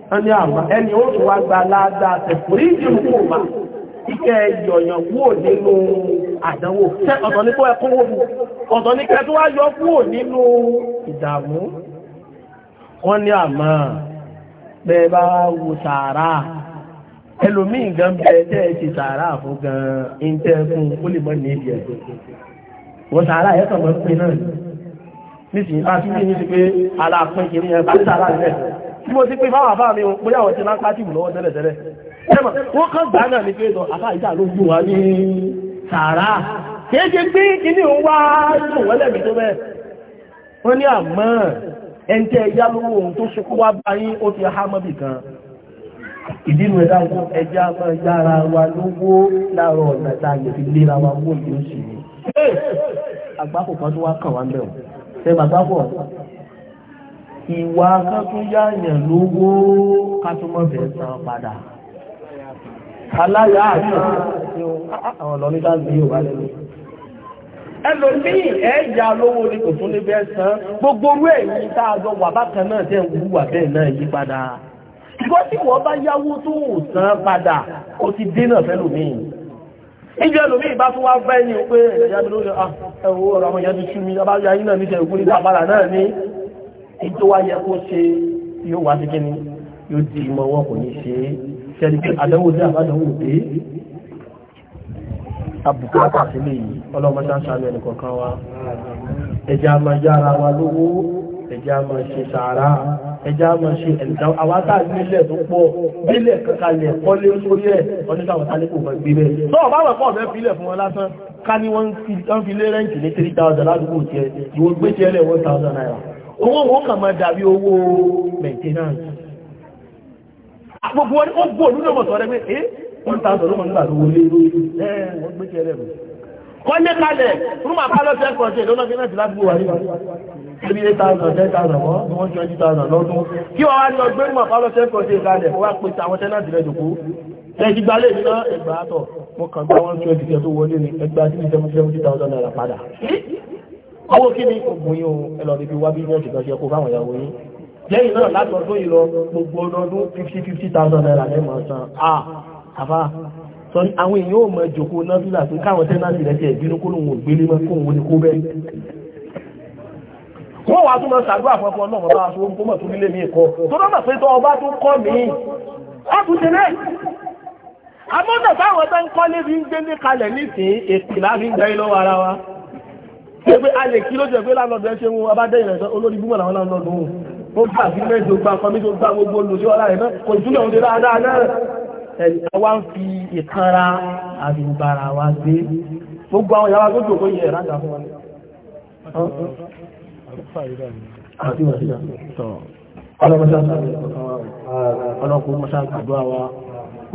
ẹni àmà ẹni ó tún wá gba aláàdáa tẹ̀kùrí ìdìrúkú mà ike yọ̀yàn wò nínú àdánwò tẹ́ ọ̀tọ̀ ní kó ẹkún wò mú ọ̀tọ̀ ní kẹ́ tó wá yọ kúrò nínú ìdààmú wọ́n ní àmà bẹ́ẹ̀ bá wo sàárà ẹlòmíì gan bẹ́ẹ̀ tẹ́ ẹ ti sàárà fún gan ń tẹ́ fún ó lè mọ́ tí mo ti pín fáwọn àfáà mi òun bóyá àwọn ti máa ń lọ́wọ́ tẹ́lẹ̀ tẹ́lẹ̀ wọ́n kàn gbà náà ni pé ìtàn àfáà ìjà ló gbù wá ní sàárà kìí ṣe pé wá tó wọ́n ní àmọ́ ẹ̀ńtẹ́ ẹ̀yá kan tó wá kàn wá ń bẹ̀rù ìwà kátúnyáyàn lówó kátúmọ̀fẹ́ san padà aláyà àti ah, ah, àwọn ọlọ́nìdá sí yóò wá lẹ́nu ẹlòmíì ẹ̀yà lówó ní kò tún níbẹ̀ san gbogbo orú ẹ̀yìn tá a jọ wà bákan náà tẹ̀ ń wúwà bẹ́ẹ̀ náà yí padà ṣùgbọ́n tí wọ́n bá yáwó tó ń san padà ó ti dínà fẹ́lòmíì ìjọ ẹlòmí ìbá fún wá fẹ́ ní pé ẹ̀yà mi ló lè ah, ẹ̀wọ̀ ọ̀rọ̀ àwọn ìyá ti ṣú mi abájá yín náà níṣẹ́ ìkú ní pàpàlà náà ní ètò wa yẹ kó ṣe yóò wá sí kíni yóò di ìmọ̀ wọn kò ní ṣe é ṣẹ́ni pé àdánwò dé àbádánwò dé àbùkátà sílẹ̀ yìí ọlọ́mọdé aṣáájú ẹnì kọ̀ọ̀kan wa ẹ̀jẹ̀ a máa yára wa lówó ẹ̀jẹ̀ a máa ṣe sàárà ẹ̀jẹ̀ a máa ṣe ẹ̀ǹtà àwọn tá a tó pọ̀ nílẹ̀ kankanlẹ̀ kọ́lé sórí ẹ̀ ọdún táwọn tá fẹ́ gbé bẹ́ẹ̀. o bá wẹ̀ pọ̀ bẹ́ẹ̀ filẹ̀ fún wọn lásán ká ní wọ́n fi lé rẹ́ǹtì ní three thousand ládùúgbò tiẹ̀ ìwọ gbé tiẹ̀ owó wọn kàn máa dàbí owó maintenance gbogbo wọn ó gbò lórí ọmọ sọ̀rọ̀ pé ẹ́ wọ́n ta sọ̀rọ̀ wọn gbà lówó lé ẹ́ wọ́n gbé kẹrẹ́ rẹ̀ kọ́lé kalẹ̀ fún màá pálọ̀ tẹ́ kọ̀ ṣe lọ́nà kí náà ti láti wà ní three eight thousand ten thousand mọ́ ní one twenty thousand lọ́dún kí wọ́n wá ní ọgbẹ́ màá pálọ̀ tẹ́ kọ̀ ṣe kalẹ̀ wọ́n wá pe àwọn tẹ́nàtì rẹ̀ dòkó ẹ̀jì gbalẹ̀ ní ẹgbàá tọ̀ mo kàn gbá one twenty tó wọlé ní ẹgbàá tí mi seventy thousand naira padà owó kí ni oògùn yìí o ẹ lọ rí bí wá bílíọ̀nù tó ṣe kó fáwọn ìyàwó yín lẹ́yìn náà látọ̀dún yìí lọ gbogbo ọdọọdún fifty fifty thousand naira lẹ́mọ̀ san a àbá sọ ni àwọn èèyàn ò mọ ìjòkó náà bí làtún káwọn tẹ́nàtì rẹ̀ tiẹ̀ bínú kó lóun ò gbélé mọ́ kóun ò ní kó bẹ́ẹ̀. wọ́n wàá tún lọ ṣàdúrà fọ́fọ́ náà bá a sọ kó mọ̀ tó nílé mi kọ́ tó dọ́nà pé tó ọba tó kọ́ mi a tún ṣe náà. àmọ́ tẹ̀sán àwọn tó ń kọ́lé fi ń gbé ní kalẹ̀ nísìnyí èpì láfi ń gbẹ́ lọ́wọ́ ara wa pé a lè kí ló jẹ́ pé lánàdọ̀ ẹ ṣe wọn abádẹ́ ìrẹsọ olórí búmọ̀ làwọn lánàdọ̀ wọn ó gbà sí mẹ́jọ gba kọmíṣọ gba gbogbo olùsí ọlá rẹ̀ náà kò ìtúlẹ̀ òun ṣe dáadáa náà ẹ̀yà wá ń fi ìkanra àti ìbára wa gbé gbogbo àwọn ìyàwó tó jòkó yẹ ìrájà fún wọn. ọlọ́mọṣáṣá ọlọ́kùnrin mọ́ṣáṣá àdúrà wa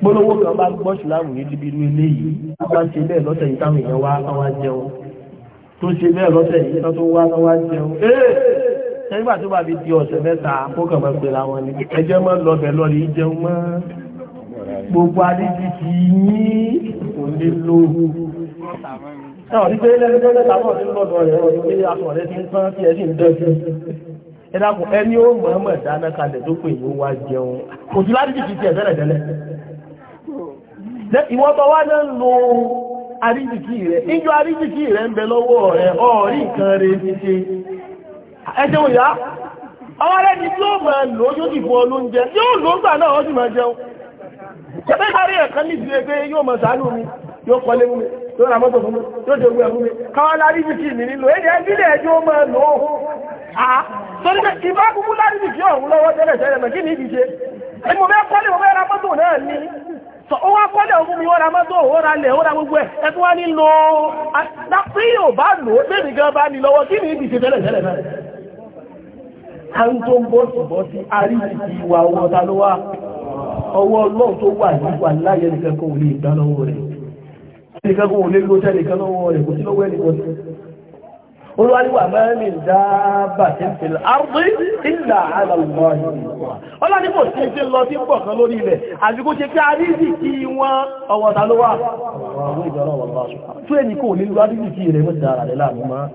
gbólówó kan bá gbọ́ ṣùlámù ní ibi irú ilé yìí bá ṣe bẹ́ẹ̀ lọ́sẹ̀ yìí táwọn èèyàn wá káwá jẹun tó ṣe bẹ́ẹ̀ lọ́sẹ̀ yìí tó wá káwá jẹun ee nígbà tó bá fi di ọ̀sẹ̀ mẹ́ta kó kàn máa pè láwọn ni ẹjẹ́ máa ń lọ bẹ̀ lọ́ọ̀rì jẹun mọ́ gbogbo adéjì ti yín kò lè lo ẹ̀wọ̀n ní pé lẹ́gbẹ́gbẹ́ mẹ́ta náà ti lọ́dọ̀ rẹ̀ ọ̀dọ̀ pé aṣọ rẹ̀ ti ń tán ìwọ́n tọ́ wá náà lo àríjìkí rẹ̀ níjọ́ àríjìkí rẹ̀ ń bẹ lọ́wọ́ rẹ̀ ọ̀rí nǹkan rẹ̀ ti ṣe ẹjẹ́ òyá ọwọ́ lẹ́ni tí ó máa lò yóò dìbò olóúnjẹ yóò lò ń gbà náà máa jẹun ẹ̀kan ní ìdílé pé yóò máa mi yóò mú yóò tọ̀ ó wá kọ́lẹ̀ ogun mi wọ́ra mọ́tò òwúra lẹ̀ òwúra gbogbo ẹ̀ ẹkùn wá yóò bá lò ó nìkan bá ní lọ́wọ́ kí ni ibi ṣe tẹ́lẹ̀ tẹ́lẹ̀ náà àwọn tó ń bọ́ sí sí àríṣìí ìwà owó ló wá ọwọ́ ọlọ́run tó wà olúwaríwà mẹ́rin dáàbà tí ń fi àrùdí ìlà àlàlùmọ́ ọlọ́dípò tí ń fi lọ sí pọ̀ kan lórí ilẹ̀ àjúkú ṣe kí a rí sí kí wọ́n ọwọ́ ta ló wà fún ẹni kò nílùú adúgbò kí rẹ̀ mọ́ta ara rẹ̀ láàrin máa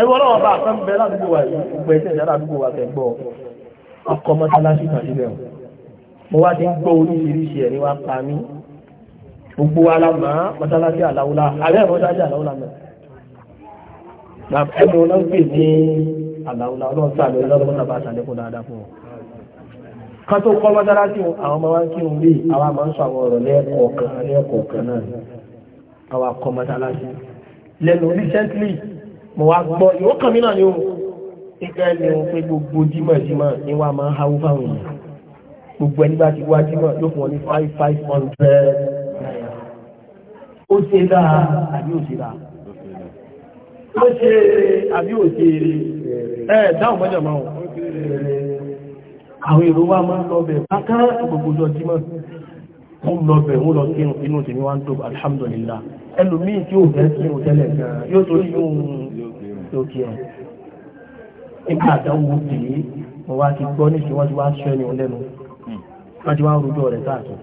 ẹwọ́ ọlọ́wọ́ bá àpẹ́ ẹnu náà pè ní àlàúlà ọlọ́run sàlẹ̀ ọlọ́run náà bá sàlẹ̀ kó dáadáa fún wọn. kan tó kọ́ mọ́tálá sí wọn àwọn ọmọ wa ń kírun bí àwa máa ń sọ àwọn ọ̀rọ̀ lẹ́ẹ̀kọ̀ọ̀kan lẹ́ẹ̀kọ̀ọ̀kan náà àwa kọ́ mọ́tálá sí. lẹ́nu recently mo wá gbọ́ ìwọ kàn mí náà ni o nígbà ẹni wọn pé gbogbo dímọ̀ dímọ̀ ni wọ́n máa ń háwó fáwọn èèyàn gbogbo ẹni bá ti wá dímọ̀ yóò fún wọn ní five five hundred naira. ó ṣe dáa àbí ó ṣe dáa ó ṣe eré àbí ò ṣe eré ẹ̀ dáhùn mọ́jọ̀ máa wọ̀ àwọn èrò wa máa ń lọ bẹ̀ báká gbogbo ọjọ́ jímọ̀ ó lọ bẹ̀ ó lọ sí inú tèmi wá ń tó alhamdulillah ẹlòmíì tí ó fẹ́ sí irun tẹ́lẹ̀ yóò tó sí ohun tó kí ẹ̀ nígbà àdánwò tèmi mo wá ti gbọ́ ní ìṣúwájú wá sọ ẹni lẹ́nu wọ́n ti wá ń rojọ́ rẹ̀ káàkiri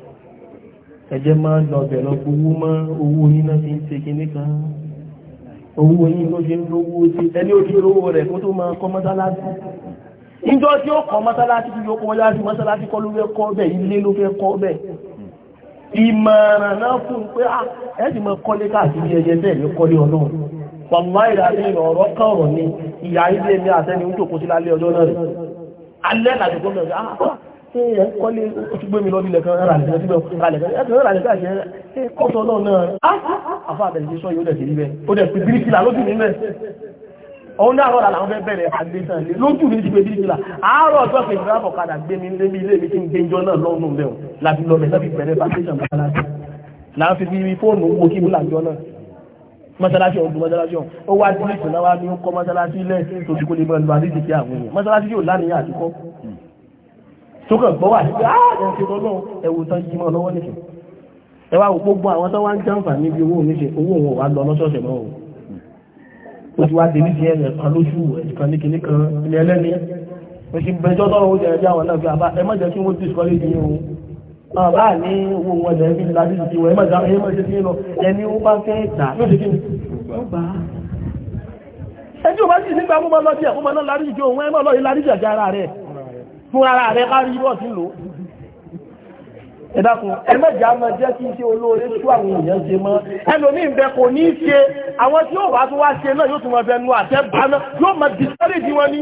ẹ̀jẹ̀ máa ń lọ bẹ̀ lọ gbowó mọ́ owó oníná ti ń ṣe kinní kan owó yìí ló ṣe ń lówó sí ẹni òjì olówó rẹ̀ kó tó máa kọ́ mọ́sálásí ìjọ tí ó kọ́ mọ́sálásí tí ó kọ́ mọ́sálásí mọ́sálásí kọ́ ló fẹ́ kọ́ bẹ̀ ilé ló fẹ́ kọ́ bẹ̀ ìmọ̀ràn náà fún un pé ah, ẹ sì máa kọ́lé káàkiri ẹyẹ bẹ́ẹ̀ ló kọ́lé ọlọ́run pàmò ìrànlẹ́ ọ̀rọ̀ kan ọ̀rọ̀ ni ìyá ilé mi àtẹni ń tòkó sí lálẹ́ ọjọ́ náà rẹ̀ alẹ́ làdùkọ́ mẹ́rin ṣé ẹ̀ ń kọ́lé ó ti gbé mi lọ́dún ilẹ̀kan rárá lẹ́kan síbẹ̀ rárá lẹ́kan ẹ̀kan rárá lẹ́kan àṣẹ ẹ̀ kọ́sọ̀ ọlọ́run náà ah! àfa àtẹ̀lẹ́sẹ̀ sọ yóò dẹ̀ sí níbẹ̀ ó dẹ̀ pé bíríkìlà lójú níbẹ̀ òun náà rọ̀lá àwọn fẹ́ bẹ̀rẹ̀ àgbésàn lé lójú ní ìgbé bíríkìlà àárọ̀ ọjọ́ kejì rábọ̀ kadà gbé mi lé mi ilé mi tí ń gbéjọ́ náà lọ́nù bẹ̀rù láti lọ bẹ̀rẹ̀ láti bẹ̀rẹ̀ pàṣẹṣàn mọ́sálásí láti fi fi fóònù owó kí múlàjọ́ náà mọ́sálásí ọdún mọ́sálásí ọ̀hún ó wá dín ìsìn náà wá ní ó kọ́ mọ́sálásí ilẹ̀ tó ti kó lè bọ́ ẹnu àdíjì kí àwọn èèyàn mọ́sálásí yóò láníyàn àtikọ́ tó kàn gbọ́ wà sí pé ààrẹ ah, ṣe lọ́nà ẹ̀wù tán jí mọ́ lọ́wọ́ nìṣẹ́ ẹ wá gbogbo àwọn tó wá ń jàǹfà níbi owó oníṣe owó òun wà lọ lọ́sọ̀ọ̀sẹ̀ mọ́ o ó ti wá dé níṣẹ́ ẹ̀rẹ̀ kan lóṣù ẹ̀kan ní kìnní kan ilé ẹlẹ́ni ó sì bẹjọ́ tọ́rọ oúnjẹ ẹ̀jẹ̀ àwọn náà fi àbá ẹ má jẹ́ kí wọ́n discourage yín o bàbá ní owó wọn jẹ́ bí láti ti wọ ẹ má jẹ́ kí lọ ẹni ó bá fẹ́ tà yóò ṣe kí ni ẹjọ́ bá sì nígbà mú ma lọ bí ẹ̀kú ma náà lárí ìjọ òun ẹ má lọ yìí lárí ìjàgá ara rẹ̀ fún ara rẹ̀ bá rí bọ́ọ̀sì lò ẹ dákun ẹgbẹ́jà mọ́ jẹ́ kí ṣe olóore tú àwọn èèyàn ṣe mọ́ ẹlòmí ìbẹ̀ kò ní ṣe àwọn tí ó bá tó wá ṣe náà yóò tún wọn fẹnu àtẹ́ báná yóò mọ̀ dìtẹ́rìdì wọn ní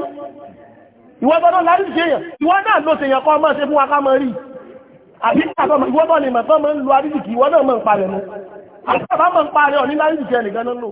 ìwọ́gbọ́dọ̀ láti ṣe èèyàn ìwọ́ náà ló ṣe èèyàn kọ́ mọ́ ṣe fún wa ká mọ́ rí ìwọ́gbọ́n ni mọ̀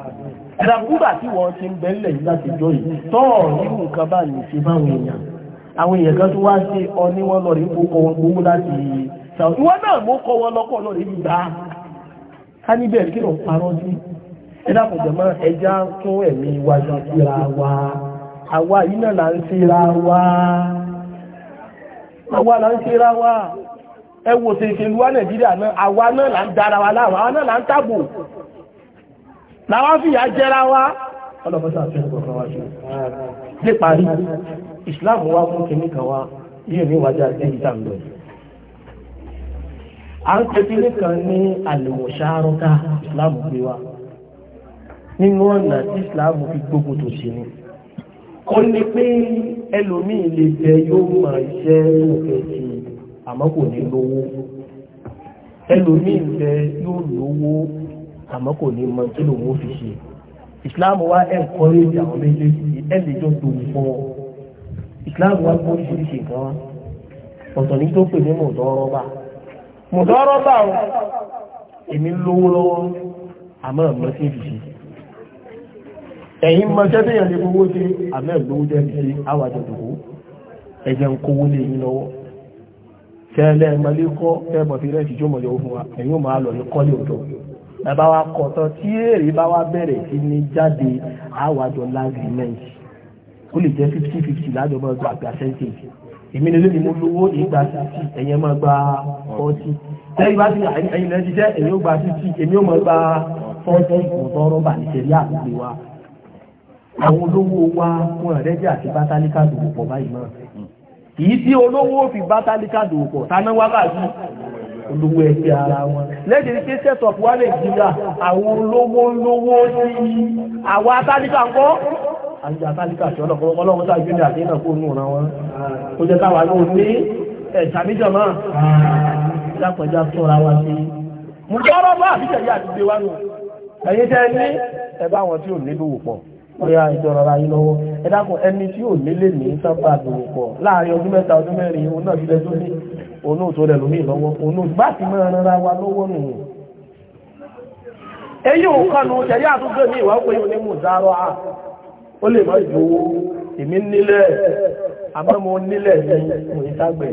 ẹ̀rọ nígbà tí wọ́n ti ń bẹ́lẹ̀ yìí láti jọ yìí tọ́ọ̀ nínú nǹkan bá lè ṣe báwọn èèyàn àwọn èèyàn kan tó wá sí ọ ní wọ́n lọ rí kókó wọn gbowó láti ṣàwọn ìwọ́n náà mọ́ kọ́ wọn lọ́kọ̀ lọ rí gbà á níbẹ̀ kí lọ parọ́ sí ẹ̀dá kò jẹ̀mọ́ ẹja tún ẹ̀mí wájú síra wa àwa yìí náà là ń síra wa àwa là ń síra wa ẹ wò ṣèṣèlú wa Nàìjíríà náà àwa náà là ń dára wa láwọn àwa náà là ń tàbò láwọn fìyà jẹ́ra wá ọlọ́pọ̀tà fẹ́ ọ̀pọ̀ wájú níparí Islam wá mú kìíní kan wá yìí ní wájà sí ìta lọ à ń pẹ́ kìíní kan ní àlùmọ̀ṣárọ́ká Islam gbé wa nínú ọ̀nà tí Islam fi gbógun tó sí ni ó ní pé ẹlòmíì lè jẹ yóò máa iṣẹ́ òkè sí àmọ́ ní lówó ẹlòmíì lè yóò lówó àmọ́ kò ní mọ kí lòun ó fi ṣe islam wa encourage àwọn méjèèjì ẹ̀ lè jọ tó fún ọ islam wa kó oríṣiríṣi nǹkan wá ọ̀tọ̀ ní tó pè ní mọ̀dọ́rọ́bà mọ̀dọ́rọ́bà o èmi lówó lọ́wọ́ àmọ́ ẹ̀mọ́ sí ìfìṣe ẹ̀yìn mọ́ sẹ́fẹ̀yàn lè fowó sí àmọ́ ìlówó jẹ́ fi ṣe àwàjọ̀dùkú ẹ̀jẹ̀ ń kówó lé yín lọ́wọ́ tẹ́lẹ̀ mọ́lé kọ́ tẹ́ẹ̀mọ̀ fi rẹ́ẹ̀tì jó mọ̀lẹ́wọ́ wa ẹ̀yìn ò máa lọ ní kọ́lé ọ̀dọ́ bàbá wa kọ̀tọ̀ tí èrè bá wá bẹ̀rẹ̀ sí ní jáde àwàjọ lágrimẹ́ǹtì ó lè jẹ́ fifty fifty lájọ máa gba percentage èmi nílé ni mo lówó ìgbà sixty ẹ̀yẹn máa gba forty lẹ́yìn bá ti ẹ̀yìn lẹ́yìn ti jẹ́ èyí ó gba sixty èmi ó máa gba forty ọ̀tọ̀ rọ́bà nìṣẹ̀lẹ̀ àgbègbè wa àwọn olówó wa fún ẹ̀rẹ́jẹ̀ àti bátálíkà dòwò pọ̀ báyìí náà kì í sí olówó fi bátálíkà dòwò pọ̀ tánáwá báyìí olówó ẹgbẹ́ ara wọn lẹ́yìn pé set-up wà nàìjíríà àwọn olówó lówó sí àwọn atálíkà kọ́ àti atálíkà tí ọlọ́pọ̀lọpọ̀ ọlọ́run sáà júlẹ̀ àti ìnà kó nù wọn kó jẹ́ káwa ló ní ẹ̀ṣà níjọba lápẹjá tọ́ra wa sí mú kọ́ ọlọ́pàá àbíṣẹ̀yà àti gbé wa nù ẹ̀yin tẹ́ ní ẹ bá wọn tí ò nílò pọ̀ bóyá ìjọra yìí lọ́wọ́ ẹ dákun ẹni tí ò lélè ní sábà lòun pọ̀ láàrin ọdún mẹ́ta ọdún mẹ́rin òun náà tilẹ̀ tó ní òun náà tó rẹ̀ lómi lọ́wọ́ òun náà bá ti máa rara wa lọ́wọ́ nù. èyí ò kànú ṣẹ̀yà àtúntò ní ìwà pé ní mùsàárọ̀ à ó lè má ju èmi nílẹ̀ àmọ́ mo nílẹ̀ ní mo ní ságbẹ̀.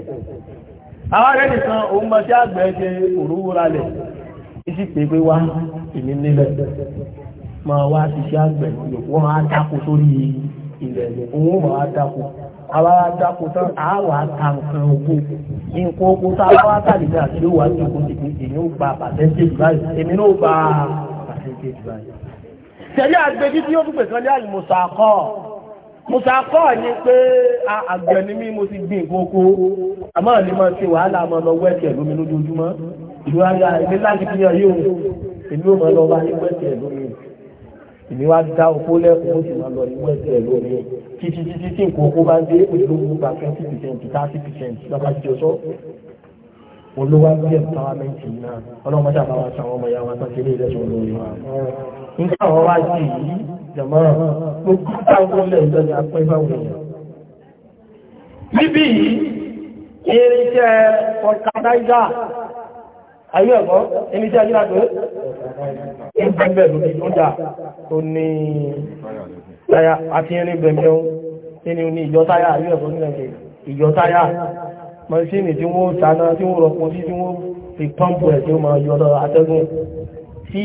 àwọn arẹ́nì kan òun mọ sí àgbẹ̀ ṣe òróró ralẹ̀ ìsì pé pé wá èmi nílẹ̀ máa wá ṣiṣẹ́ àgbẹ̀ wọ́n máa dáko sórí ilẹ̀ ní owó máa dáko àwa dáko tán á wà á ta nǹkan oko nǹkan oko tá a wá tàbí náà tí ó wà ní oko ti pé èmi ó gba percentage báyìí èmi náà gba percentage báyìí. tẹ̀lé àgbẹ̀ títí ó dúpẹ̀ kan ní àlùmọ̀sà kọ́ mùsàkọ́ ni pé àgbẹ̀ ni mí mo ti gbìn kókó àmọ́ ní máa ṣe wàhálà máa lọ wẹ́ẹ̀kẹ̀ lómi lójoojúmọ́ ìlú ayá ilé láti fi hàn yóò ìlú ò máa lọ bá ní wẹ́ẹ̀kẹ̀ lómi èmi wá dá oko lẹ́kùn ó sì máa lọ ìwé ẹsẹ̀ lórí ẹ̀ títí títí tí nǹkan oko bá ń dé olówó gba twenty percent thirty percent lọ́ba ti ọ̀ṣọ́ olówó ẹgbẹ́ pàwámẹ́ǹtì náà ọlọ́mọ sábà wá sàn ọmọ ìyá wa tán kéré ìrẹsùn olórí wa. nígbà wọn wá sí yìí jàmọ́ mo kí táwọn lẹ̀ lọ́jà pẹ́ fáwọn èèyàn. níbí yìí irinṣẹ́ fọ̀kàdáìsà ayé ọ̀gbọ́ ẹni tí ajílá pé ń bẹ̀m̀bẹ̀ lórí lójà tó ní táyà àti irin bẹ̀m̀bẹ̀ ohun nínú ní ìjọtáyà ayé ọ̀gbọ́ nílẹ̀ kẹ ìjọtáyà mọ́síìnì tí wọ́n sáná tí wọ́n rọ̀pọ̀ sí tí wọ́n fi pọ́ǹpù ẹ̀ tí ó máa yọ lọ atẹ́gùn tí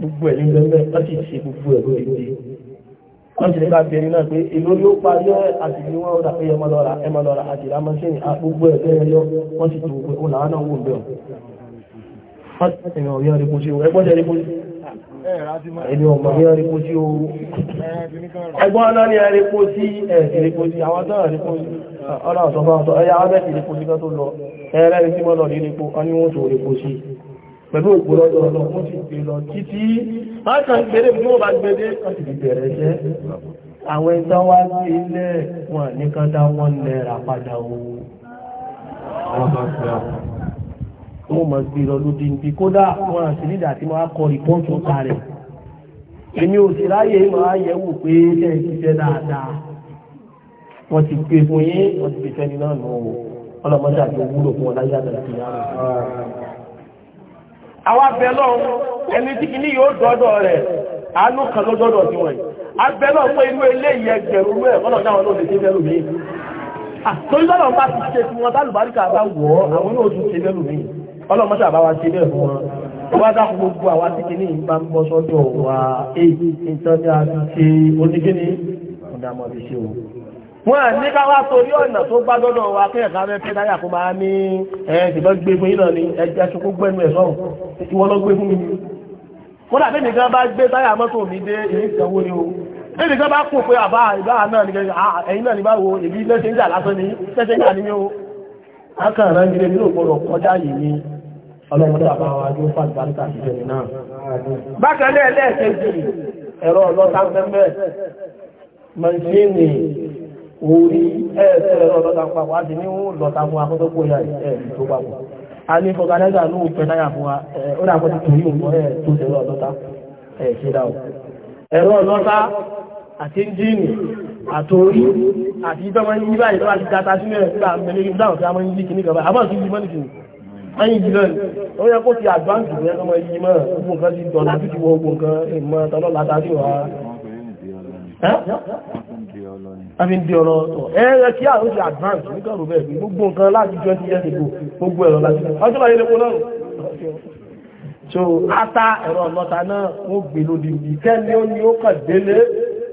gbogbo ẹ̀ nígbẹ́ mẹ́ ṣe gbogbo ẹ̀ lórí wọ́n sì ní bẹ̀rẹ̀ náà pé èlò ló parí ẹ̀ àti ní wọ́n rà pé ẹmọ àti ramọ́sìn gbogbo ẹ̀ bẹ́ẹ̀ wọ́n sì tó gbogbo ọ̀nà àwọn náà wò ń bẹ̀rẹ̀ wọ́n sì ní ọ̀yọ́ rí sí owó tó ẹ̀rí kó sí ọlọ́ọ̀sọ́fà ọ̀tọ̀ lọ ẹ̀rẹ́ rí sí ọ ní wọ́n tó rí kó sí pẹ̀lú òkú lọ́dọ̀ ọ̀nà wọ́n ti pè lọ títí látàn gbèrè mú bá gbèrè kan ti bẹ̀rẹ̀ jẹ́ àwọn ẹ̀tọ́ sí ilẹ̀ wọn ní kan wọn náírà padà owó wọ́n wọ́n ti pè fún yín wọ́n ti pè fẹ́ni náà nù ọlọ́mọdé àti owúlò fún ọláyé àtàlẹ́ àwọn abẹ́lọ́ ẹni tí kìíní yóò dọ́dọ̀ rẹ̀ àánú kan ló dọ́dọ̀ sí wọ̀nyí abẹ́lọ́ pé inú ilé yẹ gbẹ̀rún rẹ̀ kọ́nà dáwọn náà lè ṣe fẹ́lú mi ah, torí lọ́nà bá ti ṣe tí wọn tálùbáríkà bá wọ̀ ọ́ àwọn náà tún ṣe fẹ́lú mi ọlọ́mọṣẹ́ àbáwá ṣe bẹ́ẹ̀ fún wọn wọ́n dákun gbogbo àwa tí kìíní bá ń bọ́ sọ́dọ̀ wa èyí ìtọ́ni àti ṣe oníkíní ọ̀dàmọ̀ fi ṣe òun wọn à ní ká wá torí ọ̀nà tó gbá dọ́dọ̀ wa kí ẹ̀ka fẹ́ fẹ́ dáyà kó máa ní ẹ̀ ṣùgbọ́n gbé fún yín náà ni ẹja ṣokó gbẹ́nu ẹ̀ sọ́hùn ìwọ lọ gbé fún mi. kódà bí nìkan bá gbé táyà mọ́tò mi dé èyí ìsanwó ni o bí nìkan bá kù pé àbá ìbá náà ni ẹ̀yin náà ni bá wo èbí lẹ́sẹ̀ ń jà lásán ni lẹ́sẹ̀ ń jà ni mi ò gbọdọ̀ kọjá yìí orí ẹ̀ẹ́sẹ̀ ẹ̀rọ lọ́ta papọ̀ àti ní wọ́n lọ́ta fún akọ́tọ́pọ̀ ìyá ẹ̀ tó papọ̀. a ní fọ̀gánáìzà ló pẹ̀ táyà fún wa ó dà pẹ̀lú torí òun ẹ̀ tó ṣe ẹ̀rọ lọ́ta ẹ̀ ṣe dá o. ẹ̀rọ lọ́ta àti jíìnì àtòrí àti ìjọba yí báyìí lọ́wọ́ àti data sínú ẹ̀ síra mẹ́lẹ́rin dáhùn tí a máa ń yí kìíní kaba àbá sí yí mọ́nì kìíní ẹ̀yìn ìjìnlẹ̀ ó yẹ kó ti àdúráǹtì rẹ̀ lọ́mọ yí mọ́ gbogbo nǹkan ti dọ̀nà àti ti wọ gbogbo nǹkan ìmọ̀ tọ́lọ́lá àfi ń di ọ̀rọ̀ ọ̀tọ̀ ẹ̀rẹ́ kí àwọn oṣù advance nígbàrú bẹ́ẹ̀ bí gbogbo nǹkan láti twenty years ago gbogbo ẹ̀rọ láti ọjọ́ báyìí lè lọ́rùn so ata ẹ̀rọ ọlọ́ta náà ó gbé lóde ìdí kẹ́ni ó ní ó kàn délé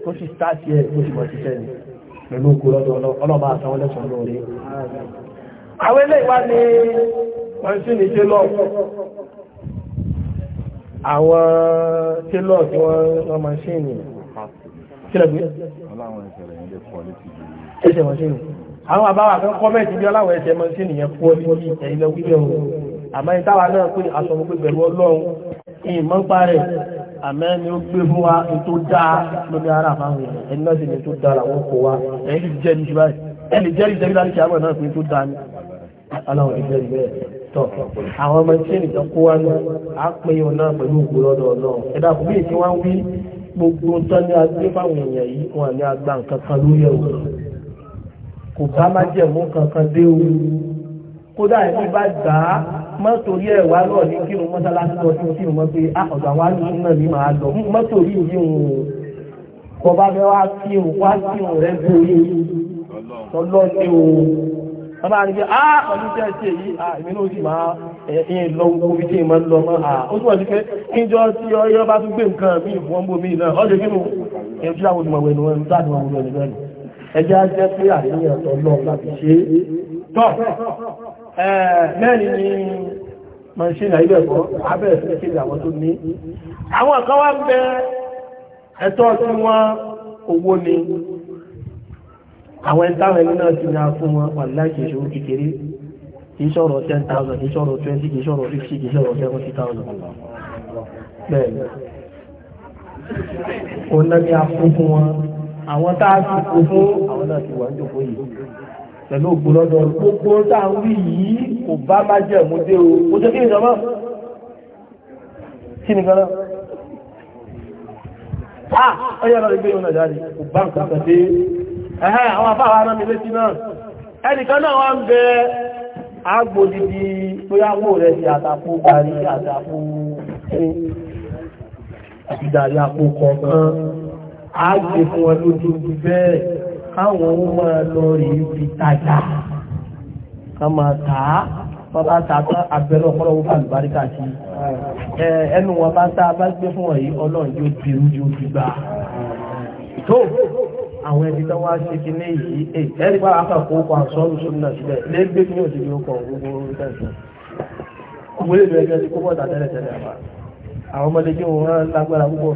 kó sì start yẹ kó sì mọ̀ sí sẹ́ni pẹ̀lú òkú lọ́dọ̀ ọlọ́ba àtàwọn ẹlẹ́sọ̀ lóore àwọn ilé ìwá ni wọ́n sì ní télọ̀ àwọn ẹsẹ̀ mọ̀ sínú àwọn àbáwà kan kọ́mẹ̀tì bí ọláwọ̀ ẹsẹ̀ mọ̀ sínú yẹn pọ̀ ní orí ìtẹ̀lẹ̀ wílẹ̀ o àmọ́ ìtawà náà pé aṣọ gbogbo pẹ̀lú ọlọ́run ìyìn mọ́ ń parẹ̀ àmọ́ ni ó gbé fún wa tó dáa lórí ara àfáwọn èèyàn ẹni náà sì ni tó dáa làwọn kò wá ẹni ti jẹ́rìí jù báyìí ẹni jẹ́rìí jẹ́rìí láti ṣàbọ̀ náà pé tó dáa ni aláwọ̀ ti jẹ́rìí bẹ́ẹ̀ tọ̀ àwọn ọmọ tí ènìyàn kó wá ní àpéyàn náà pẹ̀lú òkú lọ́dọ̀ náà ẹ̀dá kò bí èsì wá ń wí gbogbo tán ní agbé fáwọn èèyàn yìí wọn ní agbá nǹkan kan lórí ẹ̀wọ̀ kò bá má jẹ̀mú kankan dé o kódà ẹni bá gbà á mọ́tò rí ẹ̀ wá lọ ní kírun mọ́sálásí lọ sí kírun mọ́ pé ah, ọ̀dọ̀ àwọn àlùsùn náà ní màá lọ mọ́tò rí ìdí òun kọba fẹ́ wá kírun wá kírun rẹ̀ gbé orí ọlọ́ọ̀ni o bàbá ní pé ah pẹ̀lú tẹ́ ṣe yìí ah èmi náà sì máa ẹ̀yìn lọ owó bí tí ìmọ̀ lọ mọ́ ah ó túnmọ̀ sí pé kí jọ tí ọyọ́ bá tún gbé nǹkan mí ìfún ọmọ mi náà ọdẹ kí mo ẹ̀rù tí àwọn olùmọ̀wé ni wọ́n ń dáàbò àwọn olùmọ̀wé náà ẹjẹ́ á jẹ́ pé àríyàn tọ́ lọ láti ṣe é tọ́ mẹ́rin ni mọ̀ṣínà ilẹ̀ ẹ̀kọ́ abẹ́ẹ̀ sí kéde àwọn tó ní àwọn kan wá ń bẹ ẹ̀tọ́ tí wọ́n owó ni àwọn ẹni ẹni náà ti na fún wọn wà láì kìí kékeré kìí ṣọ̀rọ̀ ten thousand kìí ṣọ̀rọ̀ twenty kìí bẹ́ẹ̀ òun náà ni a fún wọn àwọn tá ti kó fún àwọn náà ti wà ń jòkó yìí pẹ̀lú ògbólọ́dọ̀ gbogbo tá ń wí yìí kò bá má jẹ́ òmùdé o ó jẹ́ kí ìjọba kí ni gan-an ah ọyọ́ lọ́ọ́ gbé yóò náà jáde kò bá nǹkan kan dé ẹ̀hẹ́ àwọn afáwà náà mi létí náà ẹnìkan náà wá ń bẹ agbòdìdì pẹ́yàwó rẹ̀ sí àtàkù parí àtàkù ìdàrí àpò kọ̀ọ̀kan àgbè fún wọn lójú ti bẹ́ẹ̀ káwọn ó máa lọ rí ibi tajà ká máa tà á wọ́n bá sí ẹnu àwọn ẹbí tó wá ṣe eh, kí ní yìí ẹ̀rí bá àkàkọ́ ọkọ̀ àṣọ́rù sómìnà sílẹ̀ lẹ́gbẹ́ ní òsì ní ọkọ̀ gbogbo tẹ̀sán ògbólé ìlú ẹgbẹ́ ti kókọ̀ tàtẹ́lẹ̀ tẹ́lẹ̀ àwọn ọmọdé kí wọ́n lágbára púpọ̀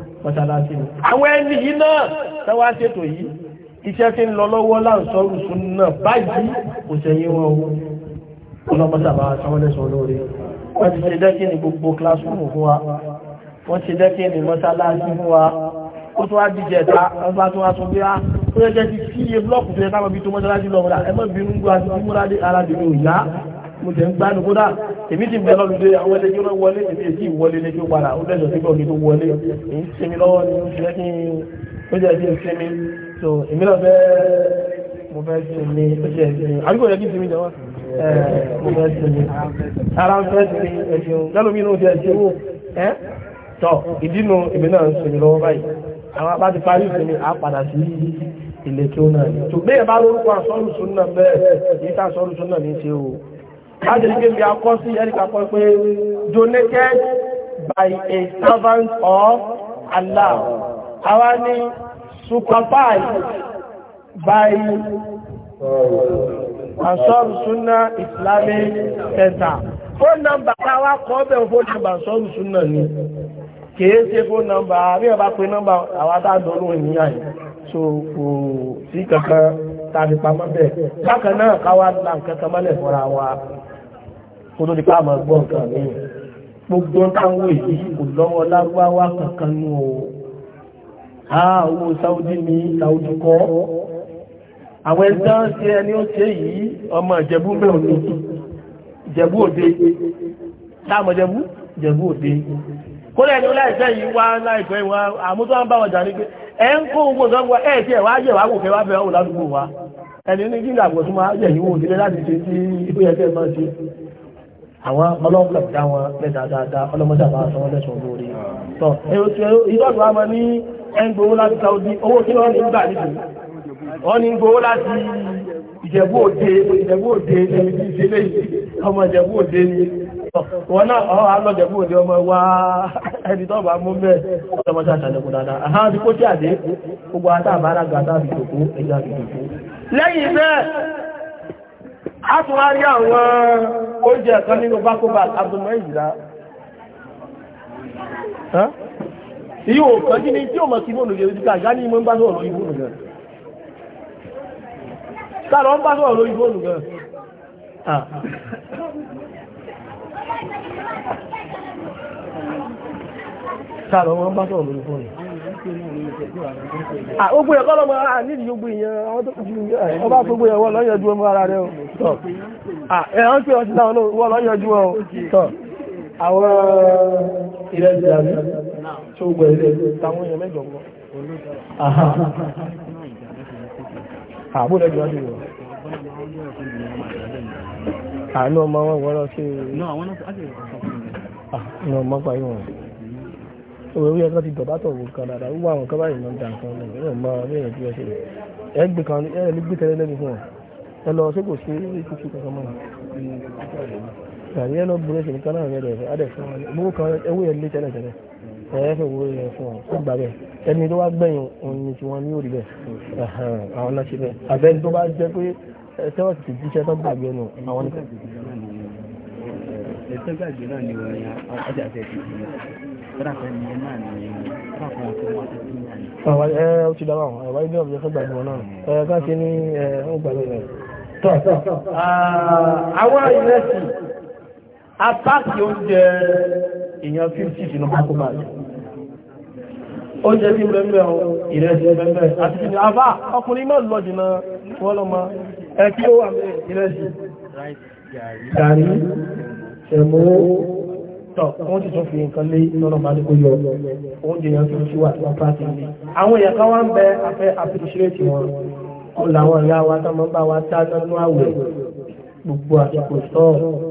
mọ́sálásí ni àwọn ẹni yìí náà tẹ́wà ṣètò yìí iṣẹ́ tí ń lọ lọ́wọ́ láǹsọ́rù sún náà báyìí kò sẹ́yìn wọn o ọlọ́mọ́sàbà sanwó-lẹ́sọ̀ olóore wọ́n ti ṣe dẹ́kí ní gbogbo kílásùmù fún wa wọ́n ti ṣe dẹ́kí ní mọ́sálásí fún wa ó tún wá dìjẹ́ mo jẹ́ ń gbádùn kódà èmi ti bẹ̀rẹ̀ lọ́dún dé àwọn ẹlẹ́jọ́ náà wọlé èmi èsì ìwọlé lẹ́jọ́ padà ó dẹ̀jọ́ sí bọ̀ tó wọlé èyí ṣe mi lọ́wọ́ ni ṣe kí ó jẹ́ kí n mi so èmi náà fẹ́ mo fẹ́ ṣe mi ó jẹ́ ṣe àbíkò yẹ kí n ṣe mi jẹ́ wọ́n mo fẹ́ ṣe mi ara ń fẹ́ ṣe mi ẹ̀ṣin lẹ́nu mi náà ti ẹ̀ṣin wò ẹ́ tọ́ ìdínú èmi náà ń ṣe mi lọ́wọ́ báyìí àwọn abá ti parí ìsinmi á padà sí ilé tó náà ni tó bá lórúkọ àsọ́rùsùn náà bẹ́ẹ̀ yíká àsọ́rùsùn náà ní ṣe o láti ṣe bí akọ́ sí ẹ̀ríkà kọ́ pé donated by a servant of Allah àwa ni supervised by Ansọ́rù Súnà Islamic Center. Fóònù nọ́mbà táwa kọ́ bẹ̀rẹ̀ fóònù nọ́mbà Ansọ́rù Súnà ni. Kìí ṣe fóònù nọ́mbà, bí ọba pe nọ́mbà àwọn àtàdọ́lù ènìyàn yìí. So kò sí kankan tàbí pamọ́ bẹ́ẹ̀ bákan náà káwá la nǹkan kan mọ́lẹ̀ fúnra wa kó tó di pa àmọ́ gbọ́ nǹkan mi gbogbo táwọn èyí kò lọ́wọ́ lágbáwá kankan nù o owó sáúdí ní sáúdí kọ́ àwọn ẹ̀dá ṣe ẹni ó ṣe yìí ọmọ ìjẹ̀bú mẹ́rin ní ìjẹ̀bú òde táàmọ̀ ìjẹ̀bú ìjẹ̀bú òde kó lẹ́ni láìpẹ́ yìí wá láìpẹ́ wá àmútọ́ ń bá wọn jà ní pé ẹ ń kó ogun sọ́gbọ́ ẹ̀ tí ẹ̀ wá yẹ̀ wá wò fẹ́ wá fẹ́ wá wò ládùúgbò wa ẹni ní kí làgbọ̀ tó máa yẹ̀yìn wò nílé láti ṣe tí ó yẹ kẹ́ máa ṣe àwọn ọlọ́pàá ti àwọn mẹ́ta dáadáa ọlọ́mọdé àbá sanwó lẹ́sùn owó rí tọ́ ìdọ́dù wa máa ní ẹgbẹ̀wó láti Saudi owó kí wọ́n ní gbà níbi wọ́n ní gbowó láti Ìjẹ̀bú Òde Ìjẹ̀bú Òde ẹni tí ṣe léyìí ọmọ Ìjẹ̀bú Òde ni wọn náà ọ alọ́jẹ̀bú Òde ọmọ wa ẹni tó bá mú bẹ́ẹ̀ ọlọ́mọdé àtàlẹ́kùn dáadáa àhán ti kó tí àdé gbogbo àtàbára gàdá àbìjòkó ẹja àbìjòkó lẹ́yìn bẹ́ẹ̀ a tún wá rí àwọn oúnjẹ nínú ìjìlá yíò tí o mọ̀ sí bóòlù yẹ̀rù díkà ìyá ní ìmọ̀ ń bá sọ̀rọ̀ lórí bóòlù gan ń bá sọ̀rọ̀ lórí bóòlù gan ń bá Ah, ogun ẹ̀kọ́ lọ́mọ ara ah, nídìí gbogbo èèyàn àwọn tó kù eh, ọba gbogbo ẹ̀wọ́ lọ́yọ̀jú ọmọ ara rẹ̀ tọ́ ah, ẹ̀hán pé ọtí láwọn náà wọ́n lọ́yọ̀jú ọ tọ́ àwọn ilẹ̀ ìjà mi tó gbẹ̀ ilẹ̀ táwọn èèyàn mẹ́jọ mọ́ àbúrò ẹ̀jọ̀ ọdún yìí àánú ọmọ wọn wọ́n lọ sí i. náà àwọn náà òwe wíyẹ tó ti dọ̀bá tọ̀ wò kan dáadáa wíwá àwọn kan báyìí máa ń da nǹkan lẹ̀ ẹ̀ máa bí èèyàn bí ẹ ṣe ẹ gbé kan ẹ ní gbé tẹ́lẹ̀ lẹ́nu fún ọ ẹ lọ sí kò sí kíkú kankan mọ́ra tàbí ẹ lọ burú ẹsẹ̀ nìkan náà rẹ̀ rẹ̀ adẹ̀ fún ọ gbogbo kan ewé yẹn lé tẹ́lẹ̀ tẹ́lẹ̀ ẹ fẹ́ wo yẹn fún ọ ó gbà bẹ́ẹ̀ ẹni tó wá gbẹ̀yìn òun ni tiwọn ní lẹ́tọ́ gbàgbé náà ni orin ọjà tẹ̀ ti fi ráfẹ́ ni ẹ náà ni ráfẹ́ wọn tó wọ́n ti fi náà ni. àwọn ẹ ó ti dábàá wọn àwọn ibi ọ̀bẹ fẹ́ gbàgbé wọn náà ẹ ká ṣe ní ẹ ó gbàgbé rẹ. tọ́ àwọn ìrẹsì apáàkì oúnjẹ èèyàn fífi sínú pákó báyìí oúnjẹ tí bẹ́ẹ̀ ìrẹsì bẹ́ẹ̀ àti ìdí àbá ọkùnrin náà lọ jìnà wọ́n lọ mọ ẹ kí ó wà ní ìrẹsì gàrí ẹ̀mú tọ̀ wọ́n ti tún fi nǹkan lé lọ́nà máa ní kó yọ oúnjẹ yẹn tó ti wà tí wọ́n pàtì ní àwọn èèyàn kan wá ń bẹ afẹ́ àpìtìṣírẹ́tì wọn làwọn ìyá wa tó máa ń bá wa tá nánú àwẹ̀ gbogbo àsìkò sọ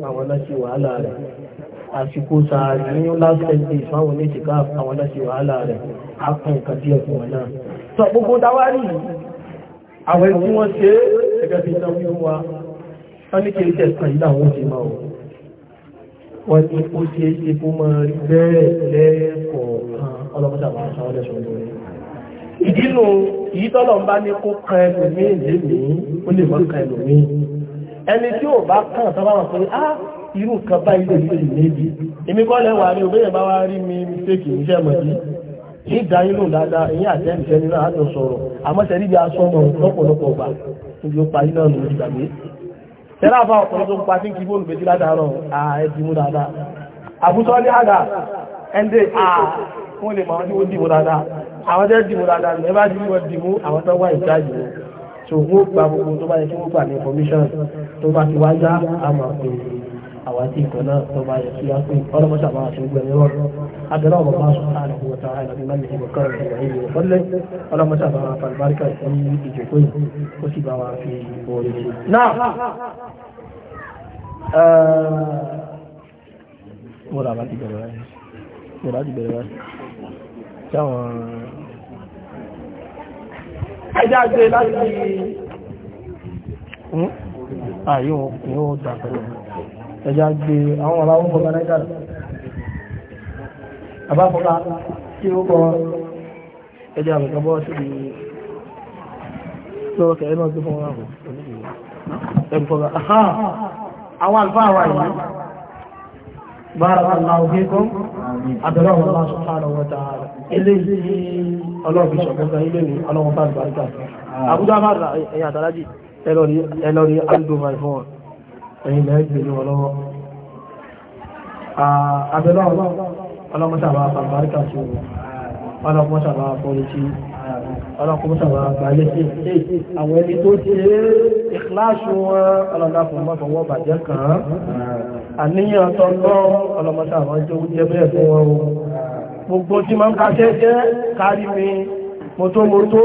àwọn náà ṣe wàhálà rẹ̀ àsìkò sàárì ní last ten days fáwọn oníṣìká àwọn náà ṣe wàhálà rẹ̀ á pín nǹkan díẹ̀ fún wọn náà sọ gbogbo dáwárì àwọn ẹni tí ṣe é wọ́n ní ó ṣe é ṣe kó máa rí bẹ́ẹ̀ lẹ́ẹ̀kọ̀ọ̀kan ọlọ́mọdé àwọn aṣọ ìdínú tọ́lọ̀ bá ní kó kan lè níbi èmi kọ́ lẹ́wà rí bá wá rí mi mistake dáadáa sọ̀rọ̀ a lọ́pọ̀lọpọ̀ níbi ó tẹ́lá bá ọ̀pọ̀lọpọ̀ tó ń pa sí kí fóònù méjì látàárọ̀ ààrẹ́dì mú dáadáa àbúsọ́ ní àdá ẹ̀ndẹ̀ àwọn lè máa dìbò dìbò dáadáa àwọn tẹ́ dìbò dáadáa ní ẹbá dìbò dìbò àwọn tó wà ìjáàjì tó wó gba gbogbo tó bá yẹ kí wọ́n gbà ní information tó bá ti wájá àmà òyìnbó àwa tí ìkan náà tó bá yẹ kí á pé ọlọ́mọṣà máa ṣe gbẹ ní rọrùn abẹ́rẹ́ ọmọ bá sùn táà lọ́wọ́ ta àìlọ́bí máa yẹ kọ́ ọ̀rọ̀ ìwà ìwà ìfọ́lẹ́ ọlọ́mọṣà máa fa àlùbáríkà sí ìjòkó yìí ó sì bá wa ṣe. náà mo rà bá láti ààyè òun dà pẹ̀lú ẹja gbé àwọn ọ̀rọ̀ àwọn ọ̀gánáìjà àbáfọ́lá tí ó kọ ẹja àgbẹ̀kọ́ bọ́ síbi tó ọkẹ̀ ẹ̀nà tó fún wọn ẹ̀kọ́lá àwọn àlùfáà wà yìí barakallahu fikum àbẹ̀rẹ̀ ọ̀rọ̀ Allah subhanahu wa ta'ala eléyìí ọlọ́ọ̀bí ṣọ̀gbọ́n kan ilé ní ọlọ́wọ́n bá àlùbáríkà àbújá bá ra ẹ̀yà àtàlájì ẹlọ́rí aldo 5 ẹ̀yìn lẹ́yìn ìlú ọlọ́wọ́ abẹ́lọ́ ah, ọlọ́mọ́sàbà àbáríkà sí òun ọlọ́mọ́sàbà fọ́lẹ́sí ọlọ́mọ́sàbà gbáyé sí àwọn ẹni tó ṣe ìkláṣù wọn ọlọ́dáfún mọ́fọwọ́ bàjẹ́ kan àníyàn tọ́lọ́ ọlọ́mọ́sàbà jẹ́ bẹ́ẹ̀ fún wọn gbogbo tí máa ń kaṣẹ́ jẹ́ kárí mi mo tó mo tó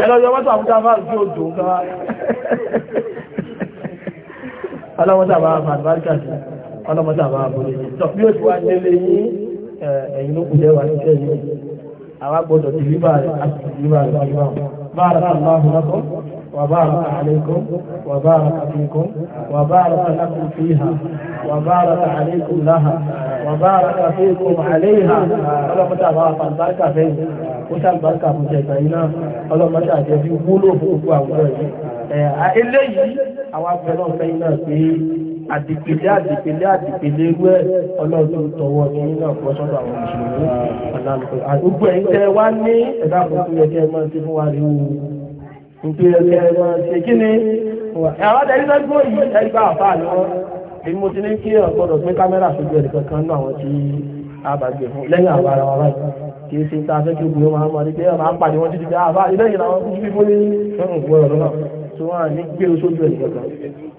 ẹlọ́yọ wọ́n tàbí tàbí àti òjò gbáwá ọlọ́mọ́tàbá àbáríkà sí ọlọ́mọ́tàbá àbúrẹ́ tọ́ bí ó ti wá nílé yí ẹ̀yìn ló kù lẹ́wà ní tẹ́yìn àwa gbọ́dọ̀ tìlíbà rẹ̀ àti tìlíbà rẹ̀ بارك الله لكم وبارك عليكم وبارك فيكم وبارك لكم فيها وبارك عليكم لها وبارك فيكم عليها متى بارك البركة فيه وشال بركة مجتمعنا اللهم تعالى يجيب ولو فوق وعوده eléyìí àwọn abẹ́rẹ́ ọ̀fẹ́ iná pé àdìpèlé àdìpèlé àdìpèlé irú ẹ̀ ọlọ́run tó tọwọ́ ní nínú àpọ́sọ́dọ̀ àwọn mùsùlùmí ọ̀làǹkọ̀ gbogbo fún wa rí o nítorí ẹ kí ẹ máa ṣe kí ni àwọn adarí náà gbọ́ yìí ẹ gbà àbá àná èyí mo ti ní kí ọ̀gbọ́dọ̀ gbé kámẹ́rà sójú ẹ̀dì kankan náà àwọn tí a bá gbé fún lẹ́yìn àbá ara wa báyìí kì í ṣe ta fẹ́ kí obìnrin máa ń mọ̀ ní pé ọ̀nà àpàdé wọn títí bí àbá ilé ìlànà fún fífún ní ọ̀rọ̀ náà tí wọ́n á ní gbé oṣooṣù ẹ̀dì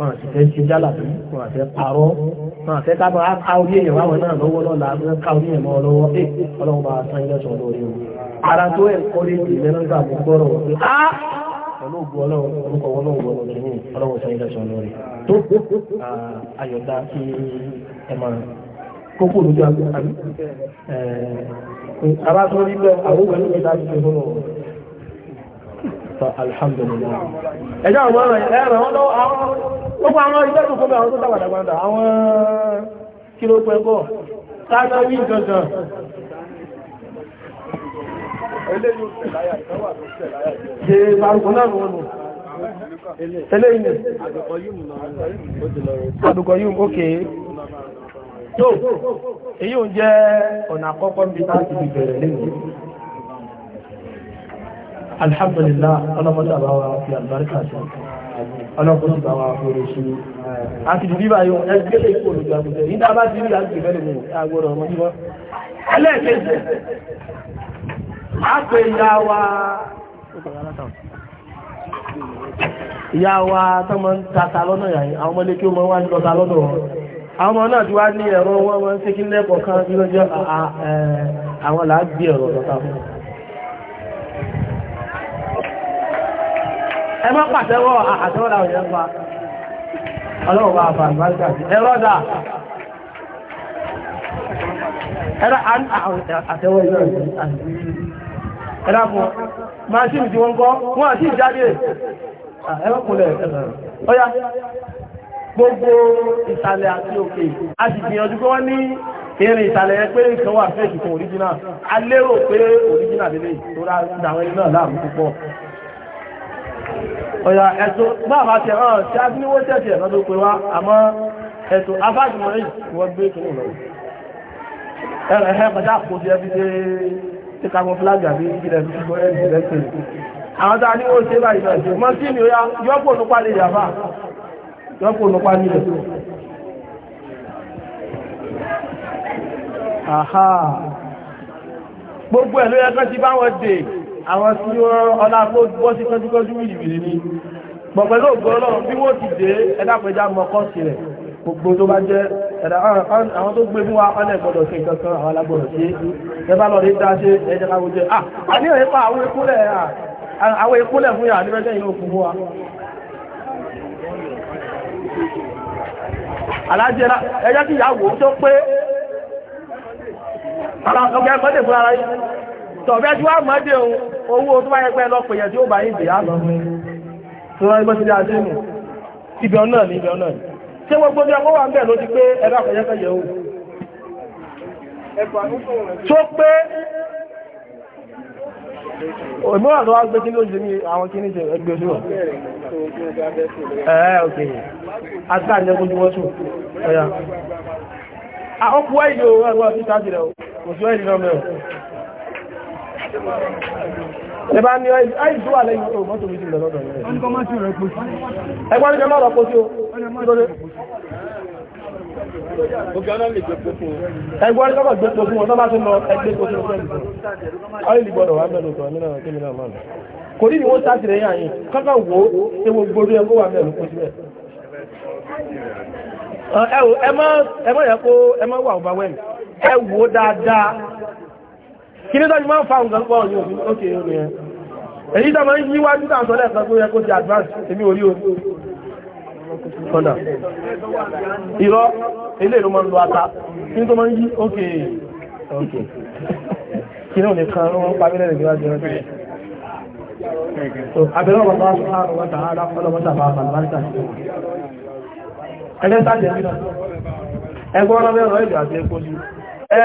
wọn àti fẹ́ ṣe jálàbí wọn àti parọ́ wọn àti ká bá ká orí èèyàn wáwọn náà lọ́wọ́ lọ́la ká orí èèyàn mọ́ lọ́wọ́ pé ọlọ́run bá san ilé ọ̀sán lórí wọn. ara tó ẹ̀ kọ́lé jù lẹ́nu nígbà mo gbọ́rọ̀ wọn pé á olóògbé ọlọ́run orúkọ wọn náà wọ́n lọ́dún ní ọlọ́run san ilé ọ̀sán lórí. tó ayọ̀dá kí alhamdulillah ẹjọ́ àwọn ọmọ ẹ̀rọ wọn lọ́wọ́ àwọn gbogbo àwọn ìjọ́ tó fún àwọn tó dàgbàdàgbàdà àwọn kí ló pẹ́ bọ̀ sáájú wí gangan Eléyìn àdùkọ̀ yìí òkè tó èyí ò jẹ́ ọ̀nà àkọ́kọ́ bí láti bẹ̀rẹ̀ lẹ́yìn alhamdulillah ọlọ́mọdé àbáwá fi àlùbáríkà sí ọlọ́kùnrin ìbáwá orí sí àti ìdí báyọ̀ ẹgbẹ́lẹ̀ ikú olùgbà àgùntẹ̀ nígbà bá ti rí àgbẹ̀fẹ́ lè mú agbọ́dọ̀ ọmọ yíwọ́ ẹlẹ́ẹ̀kejì àpè ìyá wa ìyá wa tó mọ́ ń tata lọ́nà yàyìn àwọn náà ti wá ní ẹ̀rọ wọn wọ́n ń sékí lẹ́kọ̀ọ́ kan tí lọ́jọ́ àwọn làá gbé ẹ̀rọ lọ́ta fún ẹ má pàtẹ́wọ́ àtẹ́wọ́dà òyìn pa ọlọ́wọ́ bá bá àgbáríkà ẹ̀rọ́dà gbogbo ìsàlẹ̀ àti òkè a sì gbìyànjú pé wọ́n ní ìrìn ìsàlẹ̀ yẹn pé nǹkan wà fẹ́ẹ̀kì fún original a lérò pé lélẹ̀ tó púpọ̀ ọ̀yà ẹ̀tọ́ gbáàmà tẹ̀ hàn tí a ní wọ́n tẹ̀tẹ̀ ẹ̀nà tó pè wá àmọ́ ẹ̀tọ́ afájùmọ̀ rẹ̀ wọ́n gbé tó lọ ẹ̀rẹ̀ ẹ̀hẹ́ pẹ̀lú àpòjì ẹbí dé tí kagbọn flag àbí ìjìnlẹ̀ fi gbọ́ ẹ̀rì ìjìnlẹ̀ tẹ̀ àwọn tá a ní wọ́n ṣe báyìí náà ṣe mọ́ sí ni ó yọ́pọ̀ nípa lè yàbá yọ́pọ̀ nípa lè yàbá aha gbogbo ẹ̀ ló yẹ kán ti bá wọn dè àwọn tí wọ́n ọlá tó gbọ́ sí kọjúkọjú wìlìwìlì ni pọ̀pẹ̀lú ògbọ́lọ́run bí wọ́n ti dé ẹ̀dàpẹ̀já mọ́kọ́ sí rẹ̀ gbogbo tó bá jẹ́ ẹ̀dà àwọn tó gbé fún wa ọ̀nà ìgbọ́dọ̀ sí nǹkan kan àwọn alágbọ̀dọ̀ sí ẹbá lọ rí dáa ṣe ẹjẹ́ ká gbogbo ah àníyàn ipa àwọn ìkúlẹ̀ fún yà níbẹ̀jẹ́ ìlú òkú fún wa alájẹ́ra ẹjẹ́ kí ìyàwó tó pé ara ọgbẹ́ ẹgbẹ́ tọ̀bẹ́ tí wá mọ́dé owó tó wáyé pẹ́ lọ́pẹ̀yẹ̀ tí ó bá yìí dìyà lọ tó wọ́n gbọ́ sí ilé ajé nù ibi ọ̀nà ní ibi ọ̀nà ní ṣé wọ́n gbọ́ sí ọkọ̀ wà ń bẹ̀ ló ti pé ẹ̀rọ àpẹ̀yẹ́kẹ̀yẹ̀ o tó pé ìmọ́ràn tó wá gbé kí ló jẹ́ ní àwọn kí ní jẹ ẹgbẹ́ oṣù ẹ̀ẹ́ òkè àtà ìjẹ́ kójú wọ́n sùn ẹ̀yà àkọ́kọ́ ìlú ẹgbẹ́ ọ̀sí Ẹbá ní ọ́ìsù wà lẹ́yìn tó mọ́tò méjì lọ́dọ̀ rẹ̀. Ẹgbọ́n ní ọlọ́rọ̀ kó sí o. Ẹgbọ́n ní ọlọ́rọ̀ gbẹ́pọ̀ fún ọ̀nà bá tún lọ ẹgbẹ́ kó sí o fẹ́lú. Ọ́ìlì gbọ́dọ̀ wà mẹ́lú tọ̀ nínú kí nínú àmà. Kò ní ni wọ́n sáà tìrẹ̀ yàn yìí, kọ́kọ́ wo ewo gbórí ẹgbó wà mẹ́lú kó síbẹ̀. Ẹ wò ẹ má yẹ kó ẹ má wà ọ̀bá wẹ̀mí. Ẹ wò dáadáa kí ní tọ́jú máa ń fa nǹkan pọ̀ ní òfin ókè omi ẹ̀ èyí tọ́ máa ń yíwájú tàn sọ́lẹ̀ kan tó yẹ kó ti advance èmi orí o kọ́nà ìrọ́ ilé ìlú máa ń lo ata kí ní tó máa ń yí ókè ókè kí ní òní kan ó ń pa mílẹ̀ nígbà jẹ́ ọjọ́ Àbẹ̀rẹ̀ ọ̀pọ̀ máa ń sọ́rọ̀ wọ́n tààrà ọlọ́mọ́ta bá àbàlùbáríkà ẹgbẹ́ sáàjẹ̀ ẹgbẹ́ ọ̀rọ̀ mẹ́rọ̀ ẹ̀dù àti ẹkọ́ sí ẹ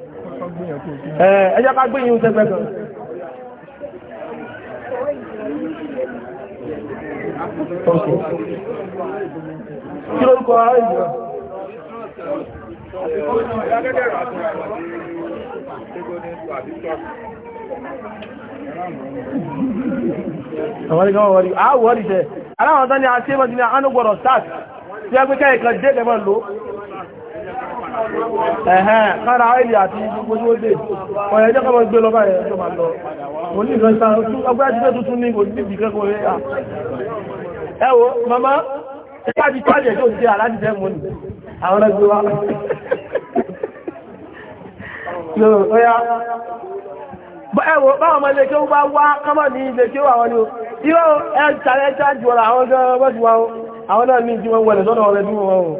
ẹjọ́ ká gbìyànjú sẹ́gbẹ́ kan kí ló ń kọ ara ìjọ àwọn ìgbàmọ̀ wọ́n rí àwọ̀ rí tẹ́ aláwọ̀ tán ni a ṣe mọ́ sí ní àánú gbọ́dọ̀ start tí a gbé kẹ́ ìkan dé ẹgbẹ̀rún lóò ẹ̀hẹ́n kára àìlì àti gbogbo tí ó dé ọ̀yẹ̀ ẹjọ́ kọmọ gbé lọ́bàá ẹ̀ tó máa lọ kò ní ìrọ̀ ìsàn ọgbẹ́ àti pé tuntun ní kò ní ìbìkẹ́ kò rí à ẹ wo mama ẹgbẹ́ àti pàjẹ́ tó ti aláàjì fẹ́ mú ni àwọn ẹgbẹ́ wa ẹ wo báwọn ọmọ ilé kí ó bá wá kọ́mọ̀ ní ilé kí ó wà wọn ni o irọ́ ẹ̀ ń tàrẹ́ ṣáájú ọ̀rọ̀ àwọn ọjọ́ ọgbọ́n o àwọn náà ní ìdíwọ̀n wọlé sọ́dọ̀ ọ̀rẹ́ bí wọ́n wọ́n o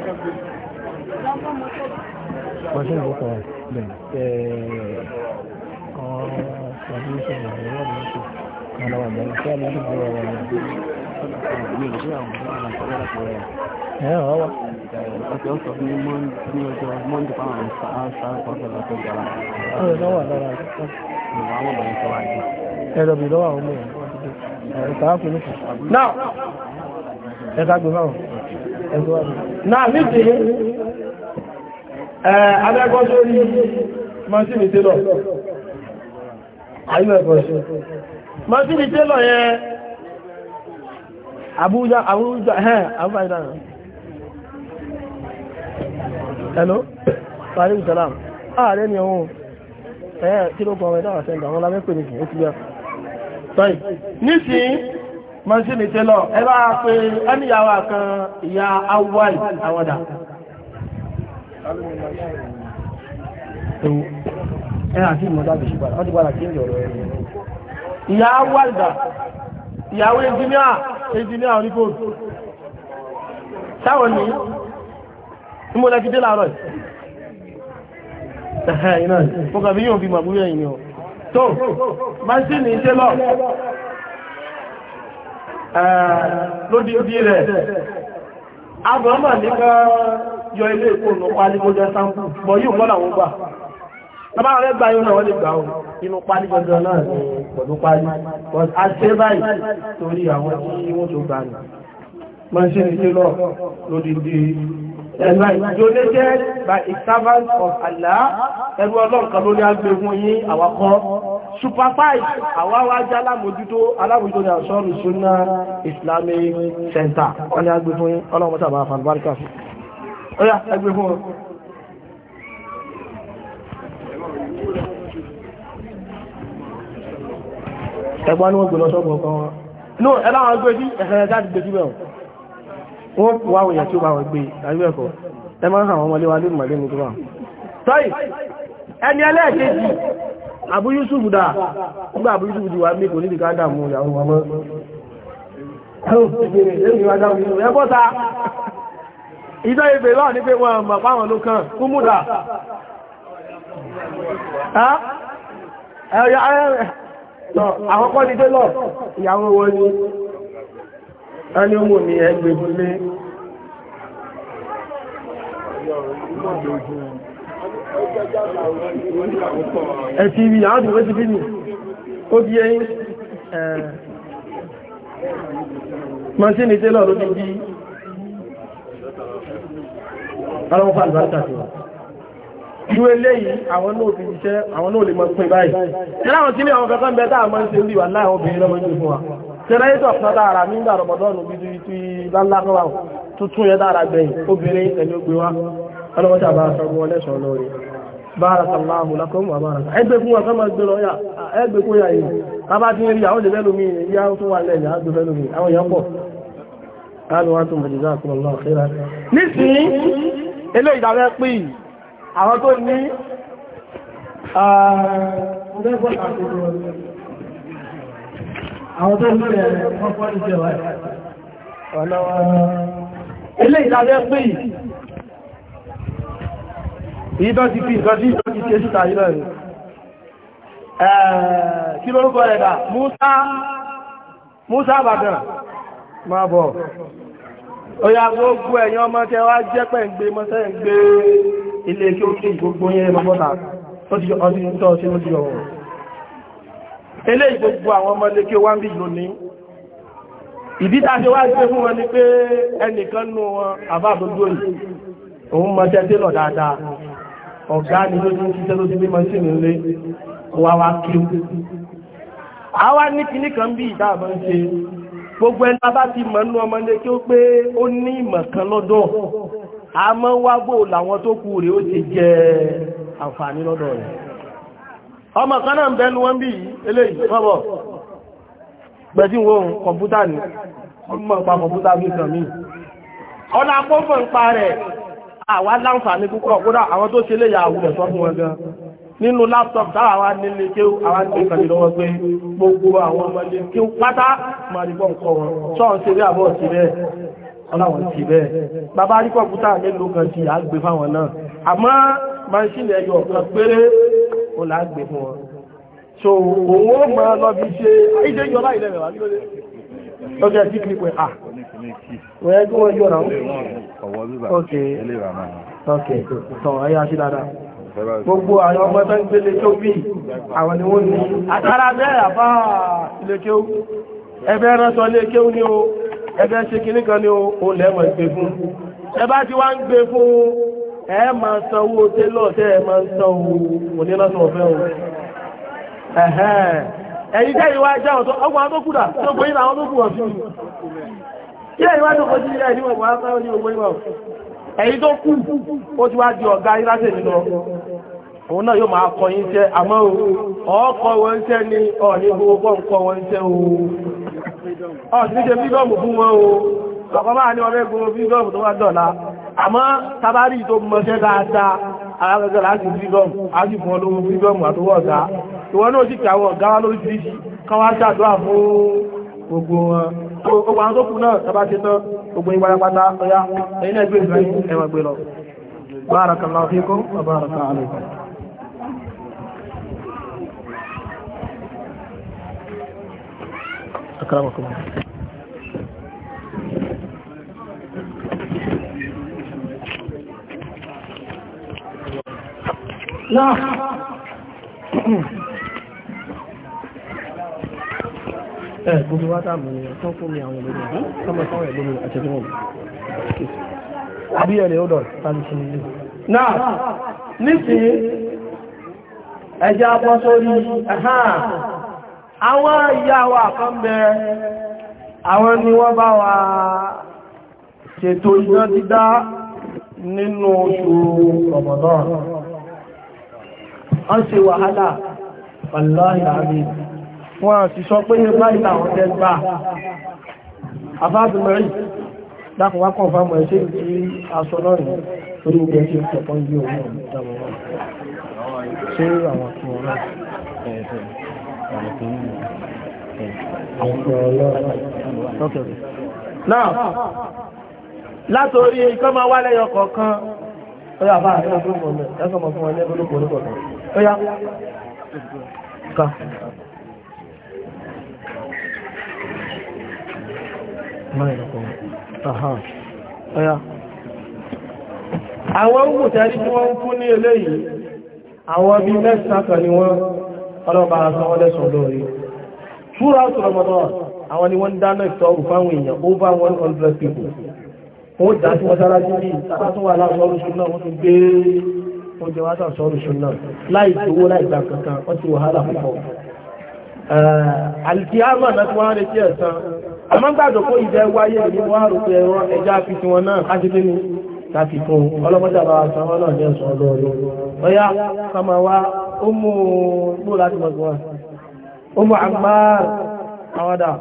Mọ̀ṣẹ́ ìgbókọ̀ rẹ̀ kan tàbí ìṣẹ̀lẹ̀ ìrọ̀lẹ́ mọ́tò kan lọ́wọ́ ìgbà ìṣẹ́ àlejò ìgbéra wọn ni. náà níbi abẹ́gbọ́ sórí mọ́sílì télọ̀ ayúwẹ̀gbọ́ sí mọ́sílì télọ̀ yẹ Abuja Abuja ẹ̀ eh, Abuja hello Paris Salam ààrẹ ni ohun ẹ̀ kí ló kọ́ ọmọ ẹ̀dá àṣẹ́ndà wọn lábẹ́ pè ní ìsìn ó ti yá mọ́ṣínì tẹ́lọ̀ ẹ bá pe ẹnìyàwó kan ìyá awọ́ì àwọ̀dà. ẹ àti ìmọ̀ dábì ṣùgbọ́n wọ́n ti padà kí ní ọ̀rọ̀ ẹ̀rọ. ìyá awọ́ì dà ìyàwó ẹnjìníà ẹnjìníà oníkóòtù táwọn ní mo lẹ́fi dé láàárọ̀ yìí. mo kàn fi yóò fi màbúrò ẹ̀yìn ni o. tó máṣínì tẹ́lọ̀ lódídí rẹ̀ abrahama nígbà yọ ilé ìpò inú pálígbójá sáńpù bọ̀ yíò mọ́ làwọn gbà tọ́bá rẹ̀ gbà yóò náà wọ́n lè gbà ó inú pálígbójá náà ní pẹ̀lú pálí a ṣe báyìí torí àwọn tí wọ́n tó gbà nù mọ́ ṣe ní ṣe lọ lórí agbègbè yín àwakọ́ super five àwa wá jẹ́ alámòjútó alámòjútó ní àṣọ́rù súnná islamic center wọ́n ní agbé fún ọlọ́mọ sábà àfàlùbáríkà sí ọ̀yà agbé fún ọ. ẹgbọ́n ni wọ́n gbé lọ sọ́gbọ̀n wọn. no ẹ láwọn gbé sí ẹ̀sẹ̀ ẹ̀dá ti gbé síbẹ̀ o wọ́n wá òyìn tí ó bá wọn gbé àgbẹ̀ ẹ̀kọ́ ẹ máa ń hàn wọn mọ́lé wa Abu Yusuf dà nígbà Abu Yusuf ti wà ní kò níbi ká dàmú ìyàwó wọn mọ́ ẹgbọ́ta ìjọ ìbè lọ́ọ̀ ní pé wọn mọ̀ fáwọn ló kàn kú múdà ẹ̀yà àkọ́kọ́ ní dé lọ ìyàwó wọn ní ẹgbẹ̀ ẹ̀tì ibi àwọn ti wọ́n ti bí ní ó bí ẹyìn mọ́síni tẹ́lọ̀ ló bí bí ọlọ́wọ́ fà àlùbáríkà sí wa ju eléyìí àwọn náà fi iṣẹ́ àwọn náà lè mọ́ pín báyìí tẹ́lá àwọn sílé àwọn kankan bẹ́ẹ̀ táà mọ́ ń ṣe ń bí wà láàrín obìnrin lọ́mọ ìlú fún wa tẹ́lá yìí tọ̀pọ̀ dára nígbà rọ̀bọ̀dọ́nù bí i tí láńlá kan wà tuntun yẹ dára gbẹ̀yìn obìnrin ẹni ó gbé wa ọlọ́wọ́ tí a bá sọ wọn lẹ́sọ̀ lórí barakallahu lakum wa baraka ẹgbẹ́ fún wọn sọ́mọ́ ẹgbẹ́ lọ yà ẹgbẹ́ kó yà yìí a bá ti rí àwọn ìdẹ́fẹ́ lómi ìyá tó wà lẹ́yìn àgbẹ̀fẹ́ lómi àwọn èèyàn pọ̀ káàlù wá tó mọ̀jẹ̀dá àkùnlọ́ àkẹ́rà nísìnyí ilé ìdáwẹ́ pì àwọn tó ní àwọn tó ní ẹ̀rẹ̀ pọ́pọ́ ìjẹ̀wà ilé ìdáwẹ́ pì ìdọ́ ti fi ìdọ́jú ìdọ́ ti ṣe síta yìí lẹ́nu kí lórúkọ rẹ̀ dà Musa Musa Ìbàdàn máa bọ̀ oya gbogbo ẹ̀yin ọmọ tẹ wá jẹ́ pẹ̀ ń gbé mọ́sẹ́ ń gbé ilé kí ó kí gbogbo yẹn mọ́bọ́ta tó ti ọdún tó sí lójú ọ̀rọ̀ ilé ìgbogbo àwọn ọmọ ilé kí ó wá ń bí lónìí ìdíta ṣe wá gbé fún wọn ni pé ẹnìkan nù wọn àbá àbójú òyìn òun mọ tẹ́tẹ́ lọ dáadáa ọ̀gá ni ló ti ń ṣiṣẹ́ ló ti bí mọ́ṣínì ńlé wa wá kí àwa ní kinní kan bí ìdáàbọ̀ ń ṣe gbogbo ẹni bá ti mọ̀ nínú ọmọdé kí ó pé ó ní ìmọ̀ kan lọ́dọ̀ àmọ́ wá bò làwọn tó kù rèé ó ti jẹ àǹfààní lọ́dọ̀ rẹ̀ ọmọ kan náà ń bẹnu wọn bí eléyìí bọ́bọ̀ gbẹ̀dí wo kọ̀mpútà ni ọmọ pa kọ̀mpútà bí kan mí ọ̀nà àpọ́fọ̀ ń pa rẹ̀ àwa láǹfààní púpọ̀ kódà àwọn tó ṣe léyà àwùjọ sọ fún wọn gan nínú láptọ̀pù táwọn àwa nílé kí àwa ní ìkàlẹ̀ lọ́wọ́ pé gbogbo àwọn ọmọdé kí pátá máa rí bọ́ nǹkan wọn sọ́ọ̀n ṣe bí àbọ̀ sí bẹ́ẹ̀ ọláwọ̀n ti bẹ́ẹ̀. Bàbá rí kọ̀pútà mélòó kan ti àgbè fáwọn náà. Àmọ́ máṣínì ẹyọ kan péré ó là á gbé fún wọn. So òun ó máa lọ bí ṣe ayíṣẹ́ yọ láìlẹ̀ rẹ̀ lọ́jọ́ ẹ̀sí kìí pé à wọ́n ẹgbẹ́ wọ́n yóò ráun ok tọ́ ẹyà sí dáadáa gbogbo àwọn ọmọ ẹgbẹ́ ń gbé lékẹ́ bí àwọn ni wọ́n ní àtàrà bẹ́ẹ̀ àbá lékẹ́ ẹgbẹ́ rántọ́ lékẹ́ ní o ẹgbẹ́ ṣe kìíní kan ní o lẹ́mọ̀ ìgbé fún ẹ bá ti wá ń gbé fún ẹ máa san owó tẹ́lọ̀ tẹ́ ẹ máa ń san owó òní lọ́sọ̀ọ̀fẹ́ o ẹ̀yìn jẹ́ ìwá ẹjẹ́ ọ̀tọ́ ọgbọ̀n àwọn tó kúrà tó gbé ìlà àwọn tó kúrọ̀ sí ìlú kí ẹ̀yìn wá tó kọjú ilẹ̀ ìdíwọ̀ ìwọ̀n asáwọ̀ ní ogbó ìwọ̀ ẹ̀yìn tó kú ó ti wá di ọ̀gá iráṣẹ́ nínú òun náà yóò máa kọ yín iṣẹ́ àmọ́ ọkọ̀ wọn iṣẹ́ ni ọ̀ní gbogbo nǹkan wọn iṣẹ́ o ọ̀sìn ṣe fídọ́ọ̀mù fún wọn o ọ̀pọ̀ máa ní ọmọ ẹgbẹ̀rún fídọ́ọ̀mù tó wá dọ̀la àmọ́ tabari tó mọṣẹ́ dáadáa alágbẹ̀gbẹ̀ láti fídọ́ọ̀mù á sì fún ọlọ́wọ́ fídọ́ọ̀mù àtọwọ́ ọ̀gá ìwọ náà sì pé àwọn ọ̀gá wa lóríṣiríṣi kan wá ṣàdúrà fún gbogbo wọn gbogbo àwọn tó kù náà tàbá ṣe tán gbogbo ìwà pátá ọ̀yá ẹ̀yin náà gbé ìgbà yín ẹ̀wọ̀n gbé lọ. Barakallahu fikum wa baraka alaykum. Akramakum. Náà. ẹ̀ gbogbo wá dàmú ni ọ̀tọ́ fún mi àwọn olóyìn àbí kọ́mọ sáwọn ẹ̀gbọ́n mi àti ẹ̀gbọ́n mi àbí ẹ̀rẹ̀ ọ̀dọ̀ tàbí sí ilé náà wa kan bẹ àwọn ni wọ́n bá wa ṣètò iná dídá nínú oṣù Ramadan wọ́n ṣe wàhálà pàlọ́ ìyá wọ́n ti sọ pé báyìí àwọn jẹ́ gbà àfáàbí mẹ́rin dákùn wá kọ̀ fáwọn ẹ̀ṣẹ́ tí a sọ lọ́rin orí ogun ẹ̀ṣẹ́ ìpẹ̀pọ̀ ilé òun ìdámọ̀ wọn ṣe àwọn tí wọ́n náà náà látorí ikọ́ máa wá lẹ́yọ kọ̀ọ̀kan ọya bá àríwá fún ọmọ ẹgbẹ́ ọmọ fún ọmọ ẹgbẹ́ olókòó olókòó ọya ká àwọn ọmọ tẹ́rí tí wọ́n ń kú ní eléyìí àwọn bí mẹ́sàkà ni wọ́n ọlọ́pàá aṣọ ọlẹ́sọ̀ lórí ṣúra ọ̀tọ̀lọmọdọ́ àwọn ni wọ́n dáná ìtọ́rù fáwọn èèyàn over 100 people ó dá tí wọ́n sára jí bí tàbátúwà láàrín oúnjẹ wá sàn sọ́rọ̀ ṣùnà láì tówó láì gbà kankan wọ́n ti wàhálà púpọ̀. alkiyama náà tí wọ́n á retí ẹ̀san àmọ́ gbàdọ̀ pé ìjẹ́ wáyé ní wọ́n á rò pé ẹ̀rọ ẹja fi tiwọn náà kájíkí ni láti fún ọlọ́mọdé àbára san wọn náà jẹ́ sọ lọ́ọ̀lọ́ ọ̀yá kàmà wa ó mú gbó láti mọ̀ sí wọn ó mú